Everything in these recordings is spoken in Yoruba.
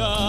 star.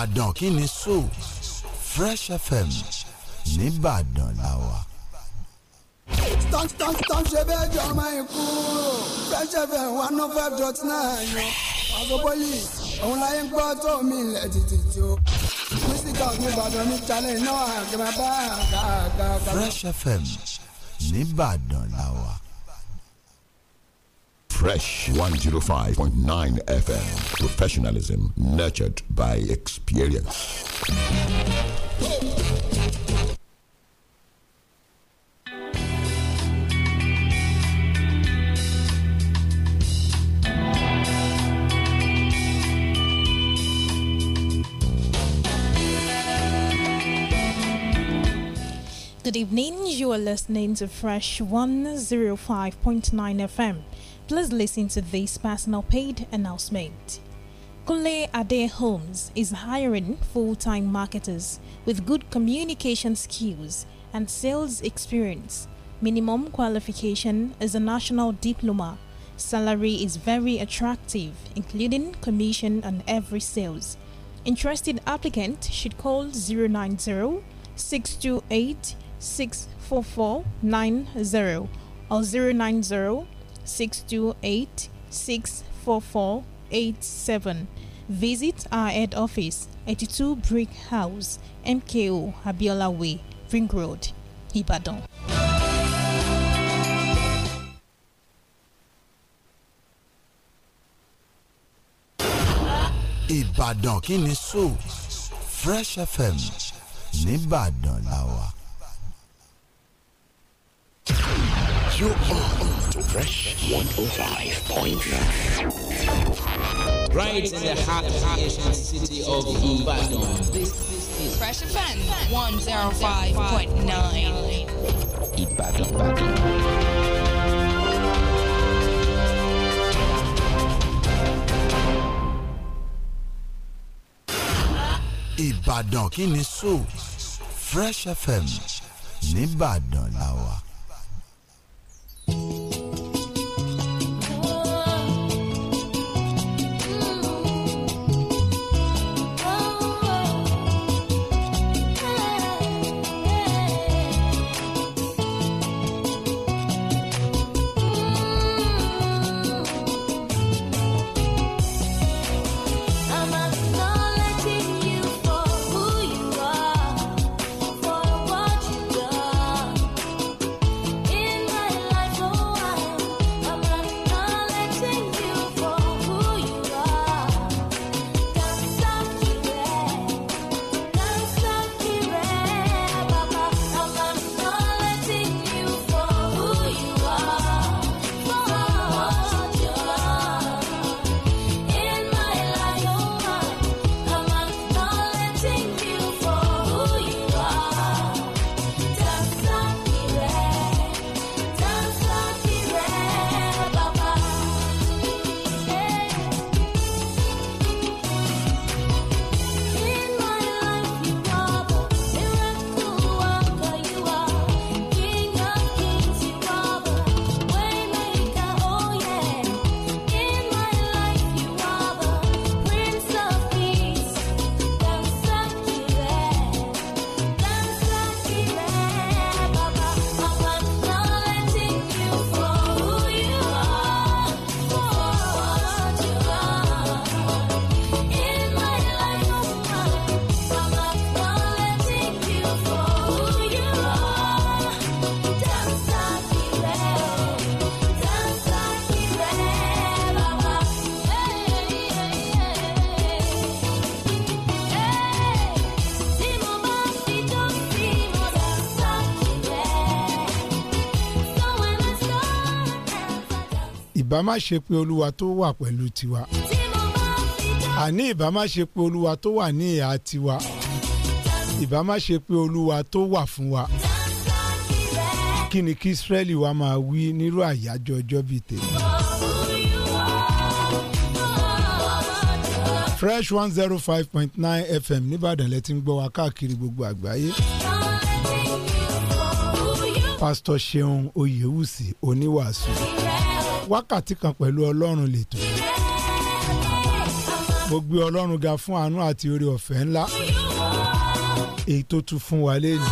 Ìbàdàn kí ni so Fresh FM nìbàdàn la wà. tọ́ntọ́ntọ́n ṣe bẹ́ẹ̀ jọ ọmọ ikú Fresh FM one oh five dot nine àgọ́bọ́lì òun láyé ń gbọ́ tó mi ilẹ̀ títí tí ó. mísítà Ìbàdàn ní jalè náà àgbà bá àgbà àgbà. Fresh FM nìbàdàn la Fresh 105.9 FM. Professionalism nurtured by experience. Good evening. You are listening to Fresh 105.9 FM. Please listen to this personal paid announcement. Kule Ade Homes is hiring full-time marketers with good communication skills and sales experience. Minimum qualification is a national diploma. Salary is very attractive, including commission on every sales. Interested applicant should call 090 628 64490 or 090 628 644 87. Visit our head office, 82 Brick House, MKO, Abiola Way, Ring Road, Ibadan. Ibadan kini so Fresh FM nìbàdàn làwà. You are to Fresh 105.9. Right in the heart of the Asian city of Ibadan. This is Fresh Offense 105.9. Ibadan. Ibadan. Ìbàdàn kí ni sọ Fresh FM nìbàdàn làwà. ìbá má ṣe pé olúwa tó wà pẹ̀lú tiwa àní ìbá má ṣe pé olúwa tó wà ní ìhà tiwa ìbá má ṣe pé olúwa tó wà fún wa kí ni kí Ísírẹ́lì wa máa wí nírú àyájọ́ ọjọ́ bíi tèmi. fresh one zero five point nine fm nìbàdàn lẹ ti ń gbọ́ wa káàkiri gbogbo àgbáyé. pásítọ̀ ṣeun oyèwùsì oníwàásù wákàtí kan pẹ̀lú ọlọ́run lètò. mo gbé ọlọ́run ga fún àánú àti oore ọ̀fẹ́ ńlá èyí tó tún fún wa lẹ́nu.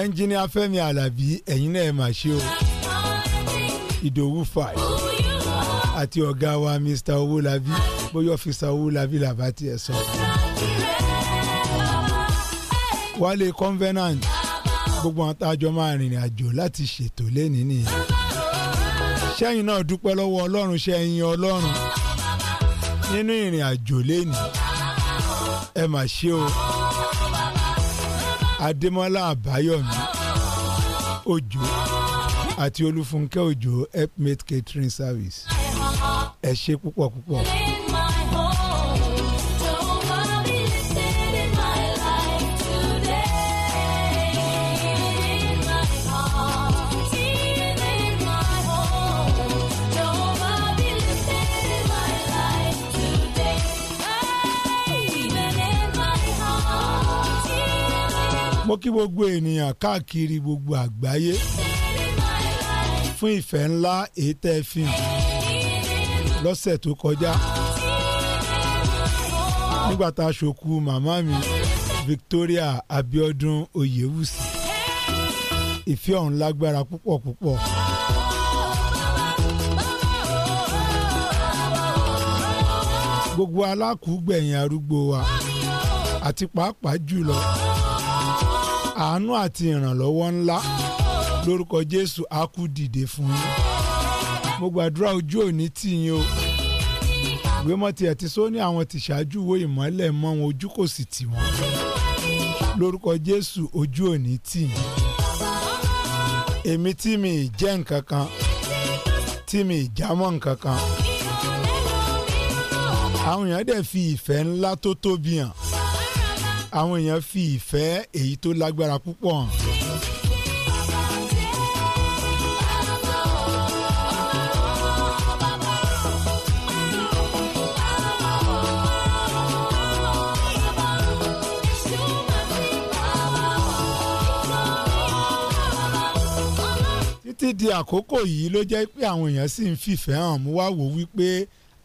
ẹnjìníà Fẹ́mi Alábí ẹ̀yin náà ẹ̀ mà ṣe o Ìdòwú five àti ọ̀gá wa Mr Owólabí bóyá ọ́fíìsà Owólabí làbá tiẹ̀ sọ. Wálé convenant gbogbo àwọn tá a jọ máa rìnrìn àjò láti ṣètò lẹ́nìí nìyẹn sẹ́yìn náà dúpẹ́ lọ́wọ́ ọlọ́run sẹ́yìn ọlọ́run nínú ìrìn àjò lẹ́nu ẹ mà ṣe o adémọ́lá àbáyọ̀mí òjò àti olúfúnkẹ́ òjò helpmate catering service ẹ ṣe púpọ̀ púpọ̀. mo kí gbogbo ènìyàn káàkiri gbogbo àgbáyé fún ìfẹ́ ńlá èyí tẹ́ ẹ fi hàn lọ́sẹ̀ tó kọjá nígbà tá a ṣòkú màmá mi Victoria Abiodun Oyewusi ìfẹ́ ọ̀hún lágbára púpọ̀ púpọ̀. gbogbo alákùúgbẹ̀yìn arúgbó wa àti pàápàá jùlọ àánú àti ìrànlọ́wọ́ ńlá lórúkọ Jésù á kú dìde fún yín mo gbàdúrà ojú òní tì yín o ìwé mọ́tì ẹ̀ ti sọ ní àwọn tìṣáájú wo ìmọ́lẹ̀ mọ́ wọn ojú kò sì tì wọ́n lórúkọ Jésù ojú òní tì yín èmi tí mi jẹ́ nǹkan kan tí mi jámọ́ nǹkan kan àwọn èèyàn dẹ̀ fi ìfẹ́ ńlá tó tóbi hàn àwọn èèyàn fi ìfẹ́ èyí tó lágbára púpọ̀ hàn. títí di àkókò yìí ló jẹ́ pé àwọn èèyàn sì ń fìfẹ́ hàn mú wá wò wípé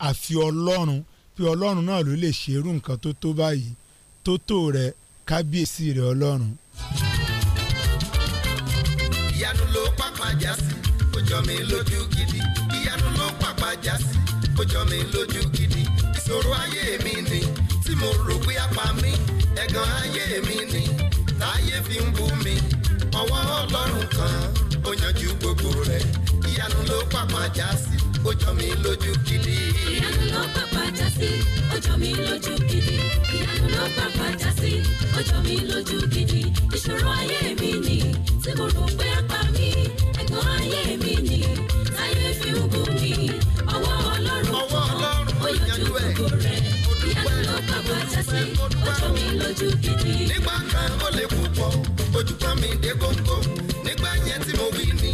àfi ọlọ́run pé ọlọ́run náà ló lè ṣerú nǹkan tó tó báyìí tótó rẹ kábíyèsí rẹ ọlọ́run. ìyanu ló pàpà já sí ó mi lójú gidi ìyanu ló pàpà já sí ó mi lójú gidi ìṣòro ayé mi ni tí mo rò pé apá mi ẹ̀gàn ayé mi ni táyé fi ń bú mi ọwọ́ ọlọ́run kan ó yanjú gbogbo rẹ̀ ìyanu ló pàpà já sí ó mi lójú gidi. ìyanu ló pàpà já sí ó jọ lójú gidi ìyanu ló pàpà já sí ó jọ lójú gidi ìṣòro ayé mi ni tí mo rò pé apá mi ẹ̀gbọ́n ayé mi ni táyé fi ń gún mi ọwọ́ ọlọ́run kan ó yọjú gbogbo rẹ̀ ìyanu ló pàpà já sí ó jọ lójú gidi. nígbà kan ó lè púpọ̀ ojúkọ́ mi dé góńgó nígbà yẹn tí mo wí ni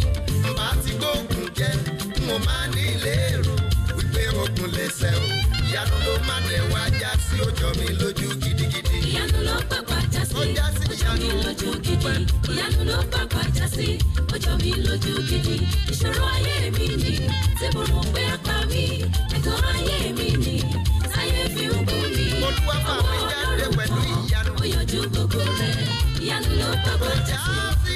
bá ti gbóògùn jẹ́ mo máa ní ìlérò wípé ogun lè ṣẹ́ ìyanu ló má dẹ̀ wá já sí ó jọ mi lójú gidigidi. ìyanu ló pàpà já sí ó jọ mi lójú gidi ìyanu ló pàpà já sí ó mi lójú gidi ìṣòro ayé mi ni tí mo rò pé apá mi ẹ̀kọ́ ayé mi ni sáyé fi ń gún mi ọwọ́ ọlọ́run kan ó yọjú gbogbo rẹ̀ ìyanu ló pàpà já sí.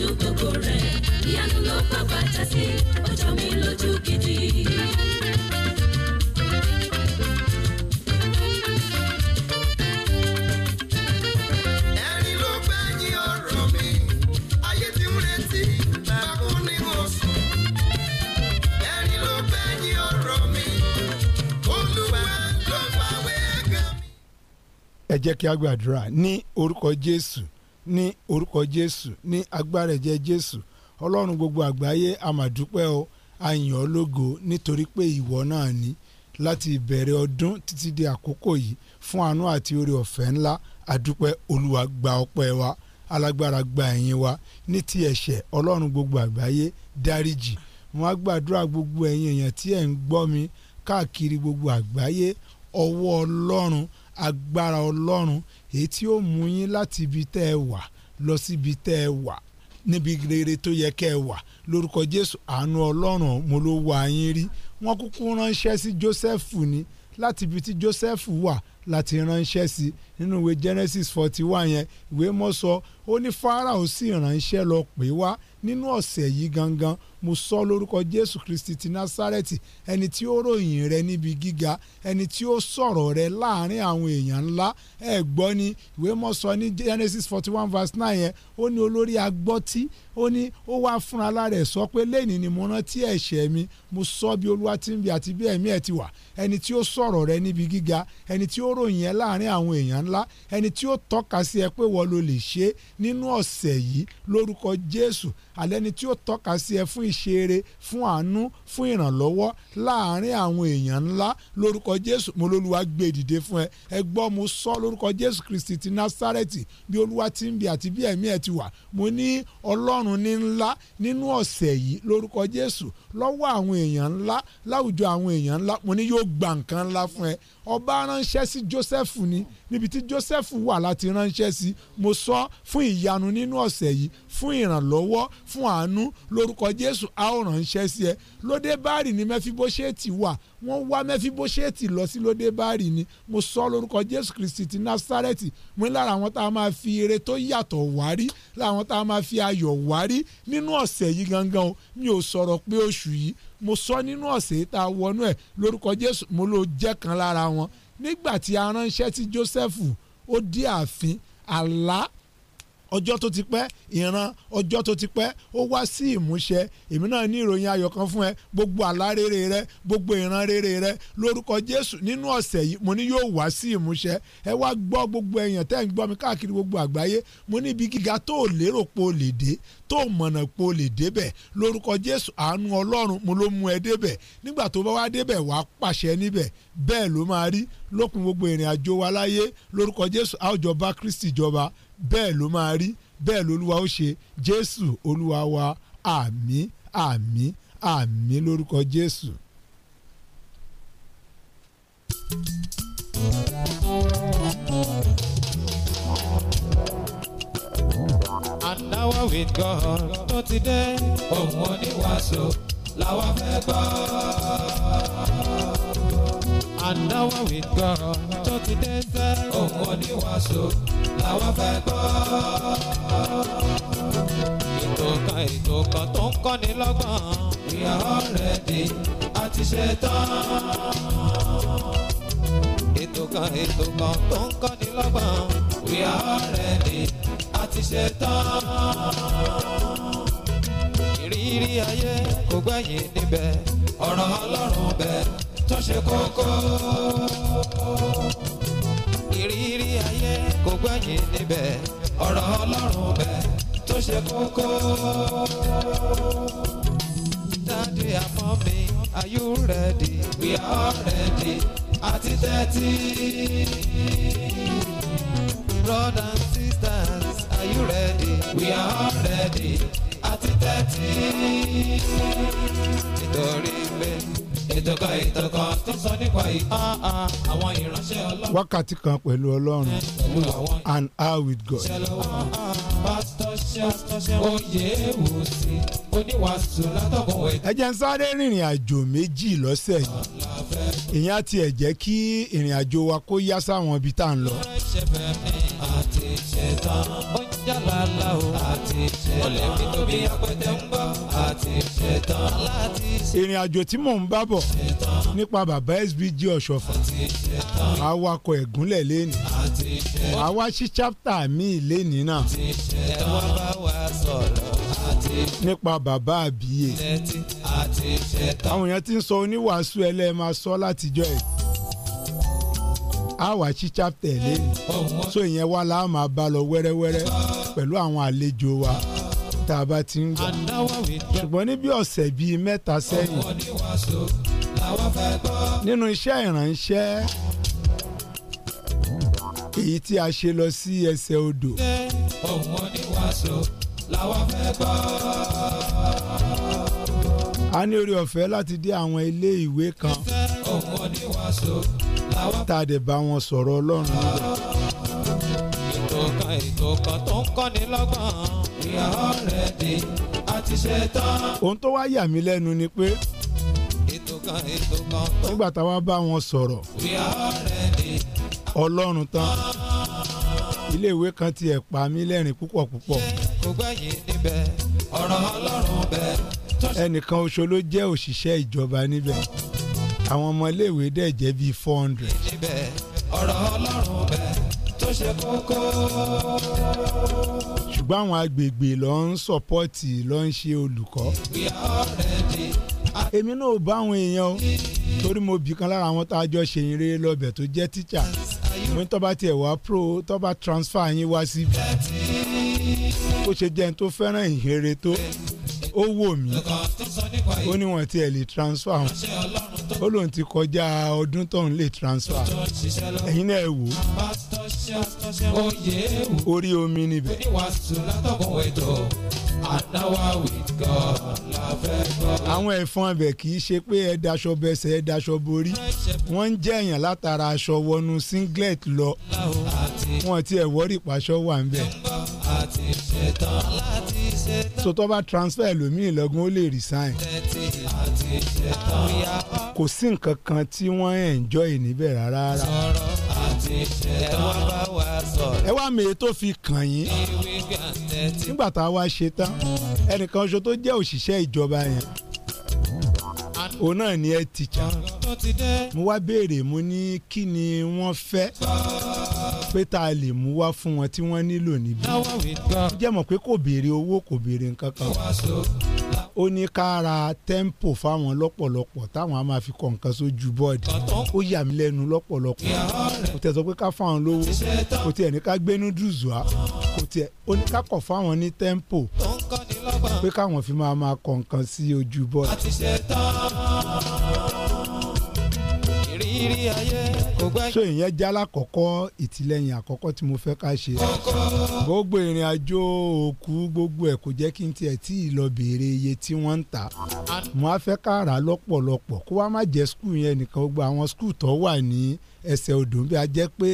ju gbogbo rẹ̀ ìyanu ló pàpà já sí ó mi lójú gidi. ẹ jẹ́ kí a gbàdúrà ní orúkọ Jésù ní orúkọ jésù ní agbára ẹ̀jẹ̀ jésù ọlọ́run gbogbo àgbáyé àmàdúpẹ́ o àyàn ológo nítorí pé ìwọ náà ni láti ìbẹ̀rẹ̀ ọdún títí di àkókò yìí fún àánú àti oore ọ̀fẹ́ ńlá àdúpẹ́ olúwa gba ọpẹ́ wa alágbára gba ẹ̀yìn wa ní ti ẹ̀ṣẹ̀ ọlọ́run gbogbo àgbáyé dáríjì wọn á gbàdúrà gbogbo ẹ̀yin èèyàn tí ẹ̀ ń gbọ́ mi káàkiri gbogbo àgbáyé ọwọ́ ọlọ́run agbára ọlọ́run èyí tí ó mú yín láti ibi tẹ́ ẹ wà lọ síbi tẹ́ ẹ wà níbi rere tó yẹ kẹ́ ẹ wà lórúkọ jésù àánú ọlọ́run mo ló wà yín rí wọ́n kúkú ránṣẹ́ sí joseph ni láti ibi tí joseph wà láti ránṣẹ́ sí nínú ìwé genesis forty one yẹn ìwé mọ́ sọ ó ní farao sì ránṣẹ́ lọ pè wá nínú ọ̀sẹ̀ yìí gangan mo sọ lórúkọ jésù kristi ti násárẹ́tì ẹni tí ó ròyìn rẹ níbi gíga ẹni tí ó sọ̀rọ̀ rẹ láàrin àwọn èèyàn ńlá ẹ gbọ́ ni ìwé mọ́ sọ ní genesis forty one verse nine yẹn ó ní olórí agbọ́tí ó ní ó wá fúnra lára ẹ̀ sọ pé lẹ́nìí ni mo rántí ẹ̀ṣẹ̀ mi mo sọ bí olúwa ti ń bí àti bí ẹ̀mí ẹ̀ ti wà ẹni tí ó sọ̀rọ̀ rẹ níbi gíga ẹni tí ó ròyìn ẹ láàrin àwọn èèyàn ńlá ẹni tí ó tọ́ka sí ẹ pé wọ́n lo lè ṣe nínú ọ̀sẹ̀ yìí lórúkọ jésù àlẹ́ni tí ó tọ́ka sí ẹ fún ṣe eré fún àánú fún ìrànlọ́wọ́ láàárín àwọn èèyàn ńlá lórúkọ Jésù mo lólúwa gbé e dìde fún ẹ ẹ gbọ́ mo sọ lórúkọ Jésù Kristi ti Násárẹ́tì bí olúwa ti ń bẹ àti bí ẹ̀mí ẹ̀ ti wà mo ní ọlọ́run ní ńlá nínú ọ̀sẹ̀ yìí lórúkọ Jésù lọ́wọ́ àwọn èèyàn ńlá láwùjọ àwọn èèyàn ńlá mo ní yóò gbà nǹkan ńlá fún ẹ ọba ránṣẹ́ sí Joseph ni níbi tí Joseph wà láti ránṣẹ́ sí mo sọ fún ìyanu nínú ọ̀sẹ̀ yìí fún ìrànlọ́wọ́ fún àánú lórúkọ Jésù a ó ránṣẹ́ sí ẹ lóde báàrì ni mẹfibóṣẹ́ẹ̀tì wà wọ́n wá mẹfibóṣẹ́ẹ̀tì lọ sí lóde báàrì ni mo sọ lórúkọ Jésù Kristi ti Násárẹ́tì mo ní lára àwọn tá a máa fi eré tó yàtọ̀ wárí láwọn tá a máa fi ayọ̀ wárí nínú ọ̀sẹ̀ yìí gangan o mi ò sọ̀rọ̀ pé oṣù yìí mo sọ nínú ọ̀sẹ̀ tá a wọnú ẹ̀ lórúkọ Jésù mo ló jẹ́ kan lára wọn nígbà tí aránṣẹ́ tí Jósẹ́fù ó dé ààfin àlá ọjọ́ tó ti pẹ́ ìran ọjọ́ tó ti pẹ́ ó wá sí ìmúṣẹ èmi náà ní ìròyìn ayọ̀ kan fún ẹ gbogbo àlá rere rẹ gbogbo ìran rere rẹ lórúkọ Jésù nínú ọ̀sẹ̀ yìí mo ní yóò wá sí ìmúṣẹ ẹ wá gbọ́ gbogbo èèyàn tẹ́ ń gbọ́ mi káàkiri gbogbo àgbáyé mo ní ibi gíga tó lérò po lè dé tó mọ̀nà po lè débẹ̀ lórúkọ Jésù àánú Ọlọ́run mo ló mú ẹ débẹ̀ nígbà tó bá wá débẹ̀ wàá pàṣẹ níbẹ̀ bẹ́ẹ̀ ló máa rí lópin gbogbo ìrìn àjò wa láyé lórúkọ Jésù àwùjọba Kristi jọba bẹ́ẹ̀ ló máa rí bẹ́ẹ̀ lolúwa ó ṣe jésù olúwa wa àmín àmín àmín lórúkọ jésù. Adáwọ̀ with God tó ti dé, òun oníwàásù làwọn fẹ́ gbọ́ and now we ti dé sẹ́. ohun oníwàásù làwọn fẹ́ gbọ́. ètò kan ètò kan tó ń kọ́ni lọ́gbọ̀n. we are already a ti ṣe tán. ètò kan ètò kan tó ń kọ́ni lọ́gbọ̀n. we are already a ti ṣe tán. ìrírí ayé kò gbẹ̀yìn níbẹ̀ ọ̀rọ̀ Ọlọ́run bẹ́ẹ̀ tó ṣe kókó. ìrírí ayé kò gbẹ̀yìn níbẹ̀ ọ̀rọ̀ ọlọ́run bẹ̀ tó ṣe kókó. dáàdi àmọ́ mi are you ready? we are ready àti tẹ́tí. brothers and sisters are you ready? we are ready àti tẹ́tí. nítorí pé ìtọ́kọ ìtọ́kọ tó sọ nípa ìtọ́ àwọn ìránṣẹ́ ọlọ́run. wákàtí kan pẹ̀lú ọlọ́run an hour with God. ẹ jẹ́ sáré rìnrìn àjò méjì lọ́sẹ̀ yìí ìyẹn á tiẹ̀ kí ìrìn àjò wa kó yá sáwọn ibi tá à ń lọ jàlálà o àti ṣetán olè mi tóbi apẹtẹ ń bọ̀ àti ṣetán láti ṣetán. ìrìn àjò tí mò ń bá bọ̀ nípa bàbá SBG ọ̀ṣọ́fà awakọ̀ ẹ̀gúnlẹ̀ lẹ́nu àwa sí chápítà lẹ́nu náà nípa bàbá àbíyè àwọn èèyàn ti ń sọ oníwàásù ẹlẹ́ẹ̀ máa sọ látijọ́ yìí a wà sí chapter lé so ìyẹn wà láà máa bá lọ wẹ́rẹ́wẹ́rẹ́ pẹ̀lú àwọn àlejò wa tá a bá ti ń gbọ́ ṣùgbọ́n ní bí ọ̀sẹ̀ bíi mẹ́ta sẹ́yìn nínú iṣẹ́ ìrànṣẹ́ èyí tí a ṣe lọ sí ẹsẹ̀ odò. ṣé òun ò ní wàásù làwọn fẹ́ gbọ́ a ní orí ọ̀fẹ́ láti dé àwọn ilé ìwé kan tá a dẹ̀ bá wọn sọ̀rọ̀ ọlọ́run. ìtọ́ka ìtọ́ka tó ń kọ́ni lọ́gbọ̀n ìyàwó ohun tó wá yà mí lẹ́nu ni pé nígbà táwa bá wọn sọ̀rọ̀ ọlọ́run tán iléèwé kan tiẹ̀ pa mí lẹ́rìn púpọ̀ púpọ̀. kò gbẹ̀yìn níbẹ̀ ọ̀rọ̀ ọlọ́run bẹ́ẹ̀ ẹnìkan oṣù ló jẹ́ òṣìṣẹ́ ìjọba níbẹ̀ àwọn ọmọléèwé dẹ̀ jẹ́ bíi four hundred. níbẹ̀ ọ̀rọ̀ ọlọ́run bẹ̀ tó ṣe kókó. ṣùgbọ́n àwọn agbègbè ló ń sọ́pọ́tì ló ń ṣe olùkọ́. èmi náà bá àwọn èèyàn o torí mo bì kan lára àwọn tá a jọ ṣe ìrere lọ́bẹ̀ tó jẹ́ tíṣà mo ní tọ́ba tiẹ̀ wá pro tọ́ba transfer yín wá síbi ó ṣe jẹ́ ẹni tó fẹ́ràn ìhèrè tó ó wò mí ó ní wọn tiẹ̀ lè transfer wọn ó lóun ti kọjá ọdún tóun lè transfer ẹ̀yin náà ẹ wò ó orí omi níbẹ̀ àdáwà with God la fẹ́ gbọ́. àwọn ẹ̀fọn abẹ kì í ṣe pé ẹ daṣọ bẹsẹ̀ ẹ daṣọ borí wọ́n ń jẹ́ èèyàn látara aṣọ wọnú singlet lọ wọ́n ti ẹ̀ wọ́rí ìpàṣọ wà ń bẹ̀. sọtọ́ bá transfer lómìn lọ́gùn ó lè resign kò sí nǹkan kan tí wọ́n enjoy níbẹ̀ rárá. ẹ wá mi èyí tó fi kàn yín nígbà tá a wá ṣe tán ẹnìkan ṣo tó jẹ́ òṣìṣẹ́ ìjọba yẹn òun náà ni ẹ tìjà mo wá béèrè mo ní kí ni wọ́n fẹ́ pé tá a lè mú wá fún wọn tí wọ́n nílò níbí. ó jẹ́ mọ̀ pé kò béèrè owó kò béèrè nǹkan kan. ó ní ká ra tẹ́ḿpò fáwọn lọ́pọ̀lọpọ̀ táwọn á máa fi kọ̀ nǹkan sójú bọ́ọ̀dì. ó yà mí lẹ́nu lọ́pọ̀lọpọ̀. kò tẹ̀ sọ pé ká fáwọn lówó kò tiẹ̀ ní ká gbénú dùzùá kò tiẹ̀ ó ní ká kọ̀ fáwọn ní tẹ́ḿpò pé káwọn fi máa máa kọ̀ nǹkan sí ojú bọ́ọ̀dì so ìyẹn jẹ́ alákọ̀ọ́kọ́ ìtìlẹ́yìn àkọ́kọ́ tí mo fẹ́ ká ṣe gbogbo ìrìn àjò òkú gbogbo ẹ̀ kò jẹ́ kí n tiẹ̀ tí ì lọ béèrè iye tí wọ́n ń tà mo á fẹ́ ká rà lọ́pọ̀lọpọ̀ kó wá má jẹ́ skul yẹn nìkan gbogbo àwọn skul tó wà ní ẹsẹ̀ odò bí a jẹ́ pé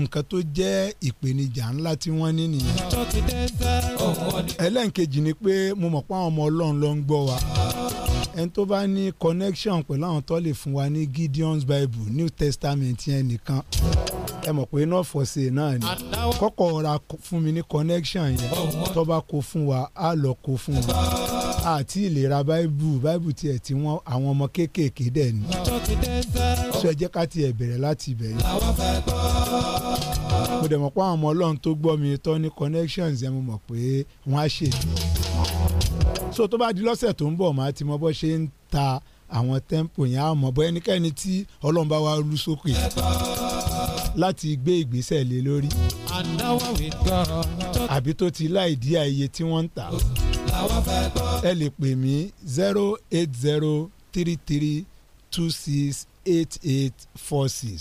nǹkan tó jẹ́ ìpèníjà ńlá tí wọ́n ní nìyẹn ẹlẹ́nkejì ni pé mo mọ̀ pé àwọn ọmọ ọlọ́run ló ń gbọ́ wa ẹni tó bá ní connection pẹ̀lú àwọn tó lè fún wa ní Gideon's Bible New Testament yẹn nìkan ẹ mọ̀ pé náà fọ̀ṣẹ̀ náà ni kọ́kọ́ ọ̀ra fún mi ní connection yẹn tó bá kó fún wa á lọ kó fún wa àti ìlera báìbù báìbù tiẹ̀ tí wọ́n àwọn ọmọ kéékèèké dẹ̀ ni sọ ẹ jẹ́ ká tiẹ̀ bẹ̀rẹ̀ láti bẹ̀rẹ̀ mo dẹ̀ mọ̀ pé àwọn ọmọ ọlọ́run tó gbọ́ mi tó ní connections yẹn mo mọ̀ pé wọ́n á ṣètò so tó bá di lọ́sẹ̀ tó ń bọ̀ máa ti mọ bó ṣe ń ta àwọn tẹ́ḿpù yẹn á mọ̀ ẹnikẹ́ni tí ọlọ́run bá wa rú sókè láti gbé ìgbésẹ̀ lé lórí àbí tó ti láì dí àyè tí wọ́n ń tà ẹ lè pè mí zero eight zero three three two six eight eight four six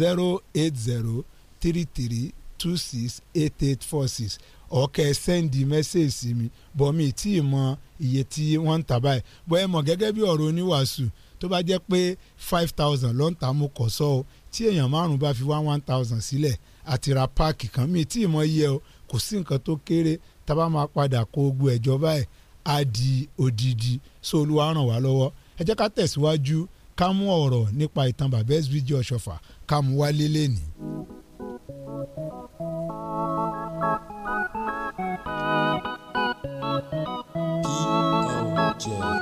zero eight zero three three two six eight eight four six ọ̀kẹ́ sẹ́ndì mẹ́sẹ̀ẹ̀sì sí mi bọ̀mí tí ì mọ iye tí wọ́n ń tà báyìí bọ́ ẹ mọ̀ gẹ́gẹ́ bí ọ̀rọ̀ oníwàásù tó bá jẹ́ pé five thousand ló ń ta mo kọ̀ sọ́ o tí èèyàn márùn bá fi wá one thousand sílẹ̀ àti ra páàkì kan mi tí ì mọ iye o kò sí nǹkan tó kéré tá a bá máa padà kó ogun ẹ̀jọ́ báyìí á di odidi so olúwa ràn wá lọ́wọ́ ẹ jẹ́ ká tẹ̀síwájú ká mú ọ̀rọ̀ nípa ìtàn bàbá SBG Ọ̀ṣọ́fà ká mú wálé lẹ́nìí. jẹ o.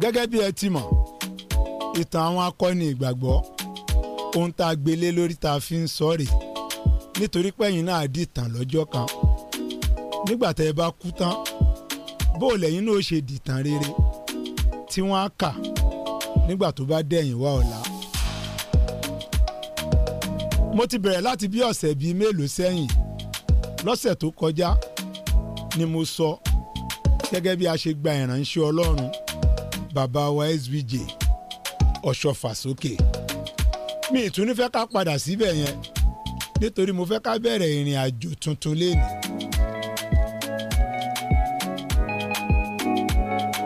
gẹ́gẹ́ bí ẹ ti mọ̀ ìtàn àwọn akọni ìgbàgbọ́ ohun tá a gbélé lórí tá a fi ń sọ rèé nítorí pẹ́yìn náà di ìtàn lọ́jọ́ kan nígbà tẹ́ ẹ bá kú tán bó lẹ́yìn náà ṣe dìtàn rere tí wọ́n á kà nígbà tó bá dẹ̀yìn wá ọ̀la mo ti bẹ̀rẹ̀ láti bí ọ̀sẹ̀ bíi mélòó sẹ́yìn lọ́sẹ̀ tó kọjá ni mo sọ gẹ́gẹ́ bí a ṣe gba ìránṣẹ́ ọlọ́run bàbá wa SBJ ọ̀ṣọ́fà sókè mi ìtún ní fẹ́ ká padà síbẹ̀ yẹn nítorí mo fẹ́ ká bẹ̀rẹ̀ ìrìn àjò tuntun lénìí.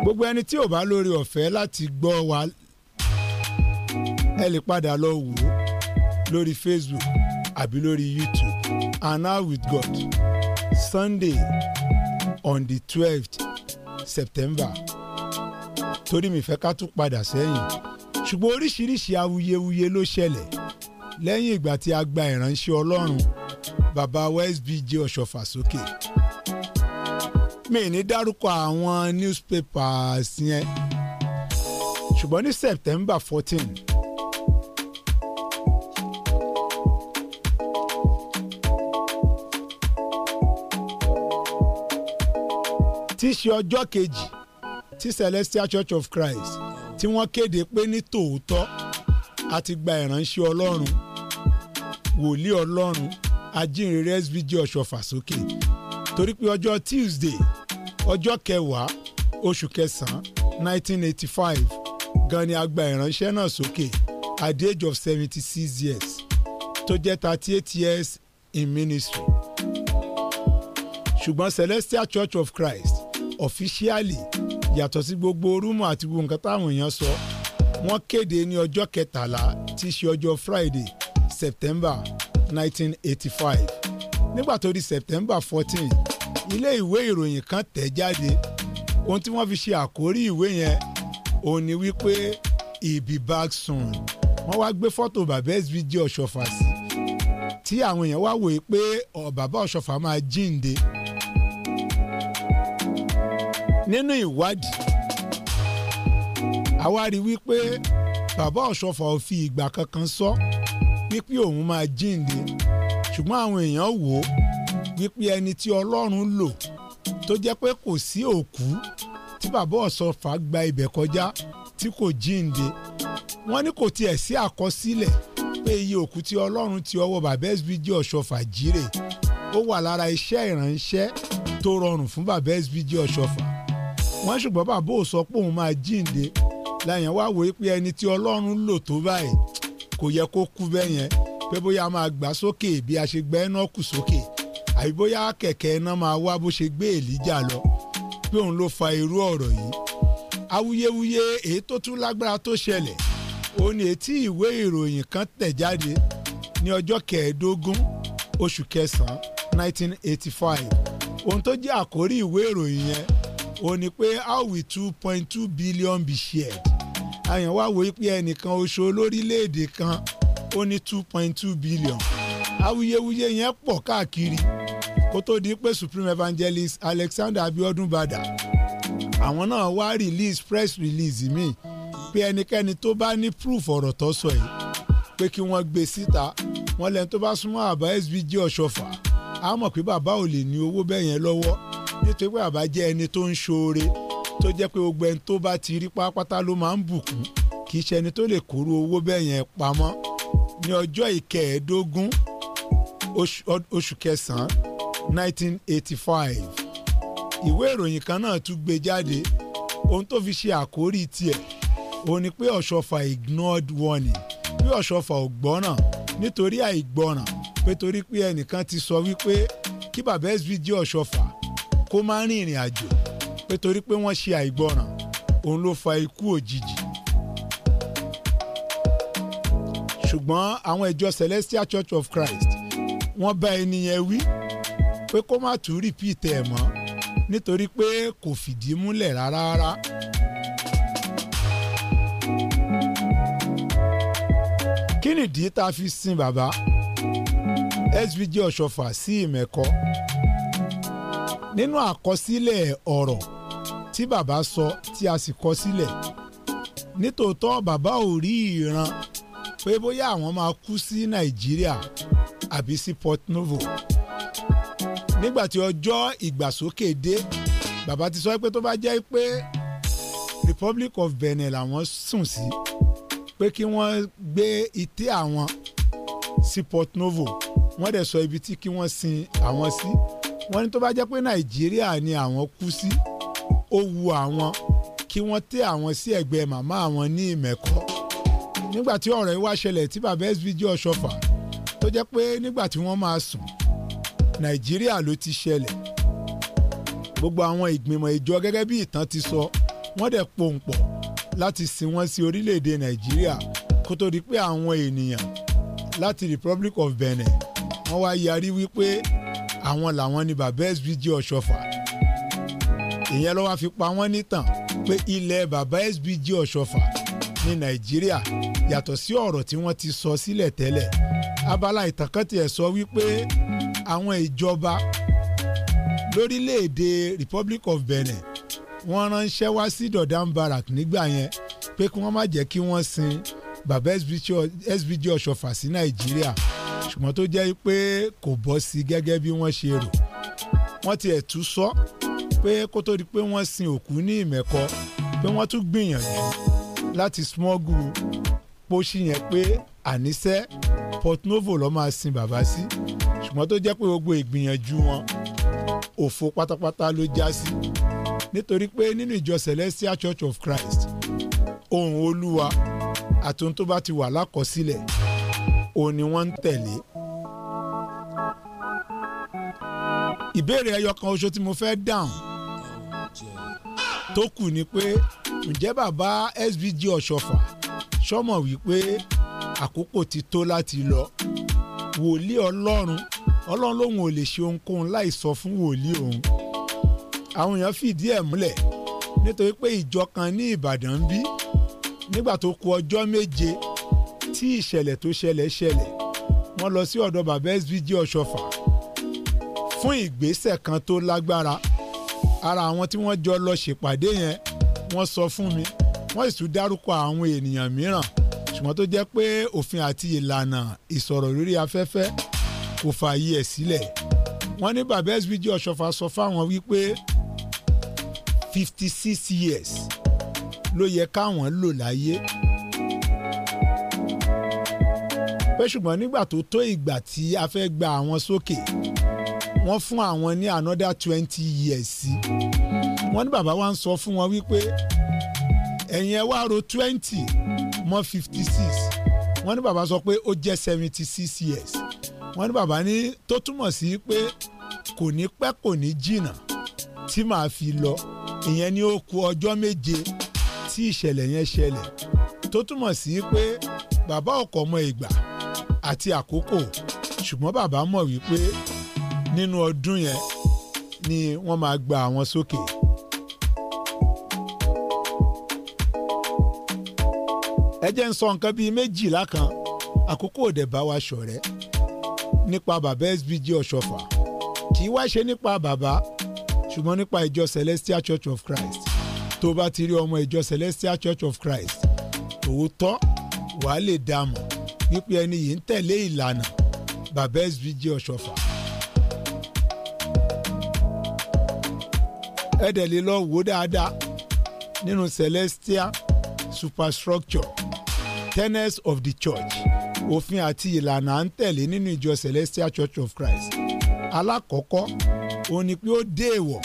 gbogbo ẹni tí ò bá lórí ọ̀fẹ́ láti gbọ́ wa ẹ lè padà lọ wò ó lórí Facebook àbí lórí YouTube an hour with God Sunday on the twelfth September torí mi fẹ́ ká tún padà sẹ́yìn ṣùgbọ́n oríṣiríṣi awuyewuye ló ṣẹlẹ̀ lẹ́yìn ìgbà tí a gba ìránṣẹ́ Ọlọ́run bàbá SBJ ọ̀ṣọ́fà sókè mi ní dárúkọ àwọn newspapers yẹn ṣùgbọ́n ní September fourteen tí í ṣe ọjọ́ kejì tí Celestial Church of Christ tí wọ́n kéde pé ní tòótọ́ a ti gba ìránṣẹ́ Ọlọ́run wòlíì Ọlọ́run ajínrere SBG ọ̀ṣọ́fà sókè torí pé ọjọ́ Tuesday ọjọ́ kẹwàá oṣù kẹsàn-án 1985 gan ni a gba ìránṣẹ́ náà sókè at the age of 76 years tó jẹ́ 38 years in ministry ṣùgbọ́n Celestial Church of Christ ọ̀fíṣíálì yàtọ̀ sí gbogbo rúmọ̀ àti gbogbo nǹkan táwọn èèyàn sọ wọ́n kéde ní ọjọ́ kẹtàlá tí í ṣe ọjọ́ Friday September 1985 nígbà tó di September 14 ilé ìwé ìròyìn kan tẹ̀ jáde ohun tí wọ́n fi ṣe àkórí ìwé yẹn òun ni wípé ìbí back soon wọ́n wá gbé fọ́tò bàbá SBJ Ọ̀ṣọ́fà sí tí àwọn èèyàn wá wòye pé bàbá Ọ̀ṣọ́fà máa jíǹde nínú ìwádìí àwa rí wípé bàbá ọ̀ṣọ́fà ò fi ìgbà kankan sọ wípé òun máa jíǹde ṣùgbọ́n àwọn èèyàn wò ó wípé ẹni tí ọlọ́run lò tó jẹ́ pé kò sí òkú tí bàbá ọ̀ṣọ́fà gba ibẹ̀ kọjá tí kò jíǹde wọ́n ní kò tiẹ̀ sí àkọsílẹ̀ pé iye òkú tí ọlọ́run ti ọwọ́ bàbá SBG ọ̀ṣọ́fà jírè ó wà lára iṣẹ́ ìránṣẹ́ tó rọrùn fún bàbá SBG ọ̀ṣọ́fà wọ́n ṣùgbọ́n bàbá ò sọ pé òun máa jíǹde láyẹn wá wòye pé ẹni tí ọlọ́run lò tó báyìí kò yẹ kó kú bẹ́ẹ̀ yẹn pé bóyá a máa gbà sókè bí a ṣe gbẹ́ náà kù sókè àbí bóyá kẹ̀kẹ́ náà máa wá bó ṣe gbé èlíjà lọ pé òun ló fa irú ọ̀rọ̀ yìí awuyewuye èyí tó tún lágbára tó ṣẹlẹ̀ òun ni ìwé ìròyìn kan tẹ̀ jáde ní ọjọ́ kẹẹ̀ẹ́dógún oṣù kẹsàn-án 1985 ohun tó jẹ́ àkórí ìwé ìròyìn yẹn ó ní pé how will two point two billion be shared àyàn wá wòye pé ẹnìkan oṣù lórílẹ̀‐èdè kan ó ní two point two billion awuyewuye yẹn pọ̀ káàkiri kó tó di pé supreme evangelist Alexander Abiodun Bada àwọn náà wá release press release mi pé ẹnikẹ́ni tó bá ní proof ọ̀rọ̀ tó sọ yìí pé kí wọ́n gbé síta wọ́n lẹ́ni tó bá súnmọ́ àbá SBG ọ̀ṣọ́fà á mọ̀ pé bàbá ò lè ní owó bẹ́ẹ̀ yẹn lọ́wọ́ nítorí pé àbá jẹ́ ẹni tó ń ṣoore tó jẹ́ pé gbogbo ẹni tó bá ti rí pátápátá ló máa ń bùkún kì í ṣe ẹni tó lè kóró owó bẹ́ẹ̀ yẹn pamọ́ ní ọjọ́ ìkẹẹ̀ẹ́dógún oṣù kẹsàn-án 1985 ìwé ìròyìn kan náà tún gbé jáde ohun tó fi ṣe àkórí tiẹ̀ òun ni pé ọ̀ṣọ́fà ignored warning bí ọ̀ṣọ́fà ò gbọ́ràn nítorí àìgbọ́ràn pé torí pé ẹnìkan ti sọ wípé kí bàbá sb jẹ́ ọ̀ṣọ́fà kó má rin ìrìn àjò pé torí pé wọ́n ṣe àìgbọràn òun ló fa ikú òjijì. ṣùgbọ́n àwọn ìjọ Celestial Church of Christ wọ́n bá ẹni yẹn wí pé kó má tún rìpíìtì ẹ̀ mọ́ nítorí pé kò fìdí múlẹ̀ rárá rárá. kí nìdí tá a fi sin bàbá SVJ Ọ̀ṣọ́fà sí ìmẹ̀kọ. Si nínú àkọsílẹ̀ ọ̀rọ̀ tí bàbá sọ tí a sì kọ sílẹ̀ nítòótọ́ bàbá ò rí ìran pé bóyá àwọn máa kú sí Nàìjíríà àbí sí Port Novo nígbà tí ọjọ́ ìgbàsókè dé bàbá ti sọ pé tó bá jẹ́ pé Republic of Benin làwọn sùn sí pé kí wọ́n gbé ìtẹ́ àwọn sí Port Novo wọ́n dẹ̀ sọ ibi tí kí wọ́n sin àwọn sí. Si wọ́n ní tó bá jẹ́ pé nàìjíríà ni àwọn kú sí ó wu àwọn kí wọ́n tẹ àwọn sí ẹ̀gbẹ́ màmá àwọn ní ìmẹ̀kọ́ nígbà tí ọ̀rọ̀ yìí wá ṣẹlẹ̀ tí bàbá SBG ọ̀ṣọ́fà tó jẹ́ pé nígbà tí wọ́n máa sùn nàìjíríà ló ti ṣẹlẹ̀ gbogbo àwọn ìgbìmọ̀ ìjọ gẹ́gẹ́ bí ìtàn ti sọ wọ́n dẹ̀ pòǹpọ̀ láti sin wọ́n sí orílẹ̀-èdè nàìjíríà kó tó di pé àwọn ènìyàn láti Republic of Benin wọ́n wá yarí wípé àwọn làwọn ni bàbá SBG ọ̀ṣọ́fà ìyẹn ló wá fi pa wọ́n nítàn pé ilẹ̀ bàbá SBG ọ̀ṣọ́fà ní Nàìjíríà yàtọ̀ sí ọ̀rọ̀ tí wọ́n ti sọ sílẹ̀ tẹ́lẹ̀ abala ìtànkàn tiẹ̀ sọ wípé àwọn ìjọba lórílẹ̀‐èdè Republic of Benin wọ́n ránṣẹ́ wá sí Dodan Barrack nígbà yẹn pé kí wọ́n má jẹ́ kí wọ́n sin bàbá SBG ọ̀ṣọ́fà sí Nàìjíríà ṣùgbọ́n tó jẹ́ pé kò bọ́ sí gẹ́gẹ́ bí wọ́n ṣe rò wọ́n tiẹ̀ tún sọ pé kó tó di pé wọ́n sin òkú ní ìmẹ̀kọ pé wọ́n tún gbìyànjú láti smọ́gù pósí yẹn pé àníṣẹ́ Port Novo ló máa sin bàbá sí ṣùgbọ́n tó jẹ́ pé gbogbo ìgbìyànjú wọn òfo pátápátá ló já sí nítorí pé nínú ìjọ Celestial Church of Christ ohun Olúwa àtúntò bá ti wà lákọsílẹ̀ òun ni wọ́n ń tẹ̀lé. ìbéèrè ẹyọ kan oṣù tí mo fẹ́ dáhùn tó kù ni pé ǹjẹ́ bàbá SBG ọ̀ṣọ́fà sọ́mọ̀ wípé àkókò ti tó láti lọ wòlíì ọlọ́run ọlọ́run lòun ò lè ṣe ohunkóhun láì sọ fún wòlíì òun àwọn èèyàn fìdí ẹ̀ múlẹ̀ nítorí pé ìjọ kan ní Ìbàdàn ń bí nígbà tó kù ọjọ́ méje tí ìṣẹ̀lẹ̀ tó ṣẹlẹ̀ ṣẹlẹ̀ wọ́n lọ sí ọ̀dọ̀ bàbá SVG ọ̀ṣọ́fà fún ìgbésẹ̀ kan tó lágbára ara àwọn tí wọ́n jọ lọ ṣèpàdé yẹn wọ́n sọ fún mi wọ́n sì tún dárúkọ àwọn ènìyàn mìíràn ṣùgbọ́n tó jẹ́ pé òfin àti ìlànà ìsọ̀rọ̀ lórí afẹ́fẹ́ kò fààyè ẹ̀ sílẹ̀ wọ́n ní bàbá SVG ọ̀ṣọ́fà sọ fáwọn wípé fifty six years ló yẹ káwọn lò láyé. pé ṣùgbọ́n nígbà tó tó ìgbà tí a fẹ́ gba àwọn sókè wọ́n fún àwọn ní another twenty years sí wọ́n ní bàbá wa ń sọ fún wọn wípé ẹ̀yin ẹ wá ro twenty mọ́ fifty six wọ́n ní bàbá sọ pé ó jẹ́ seventy six years wọ́n ní bàbá ní tó túmọ̀ sí pé kò ní pẹ́ kò ní jìnnà tí màá fi lọ ìyẹn ni ó kù ọjọ́ méje tí ìṣẹ̀lẹ̀ yẹn ṣẹlẹ̀ tó túmọ̀ sí pé bàbá ọkọ̀ ọmọ ìgbà àti àkókò ṣùgbọ́n bàbá mọ̀ wípé nínú ọdún yẹn ni wọ́n máa gba àwọn sókè. ẹ jẹ́ ń sọ nǹkan bíi méjìlá kan àkókò òde bá wa ṣọ̀rẹ́ nípa bàbá SBG ọ̀ṣọ́fà kì í wá ṣe nípa bàbá ṣùgbọ́n nípa ìjọ Celestial Church of Christ tó bá ti rí ọmọ ìjọ Celestial Church of Christ òótọ́ wàá lè dá mọ̀ wípé ẹni yìí ń tẹ̀lé ìlànà bàbá SBJ ọ̀ṣọ́fà. ẹ̀dẹ̀ lè lọ wò dáadáa nínú celestial superstructure tenets of the church òfin àti ìlànà à ń tẹ̀lé nínú ìjọ celestial church of christ alákọ̀ọ́kọ́ òun ni pé ó dé èèwọ̀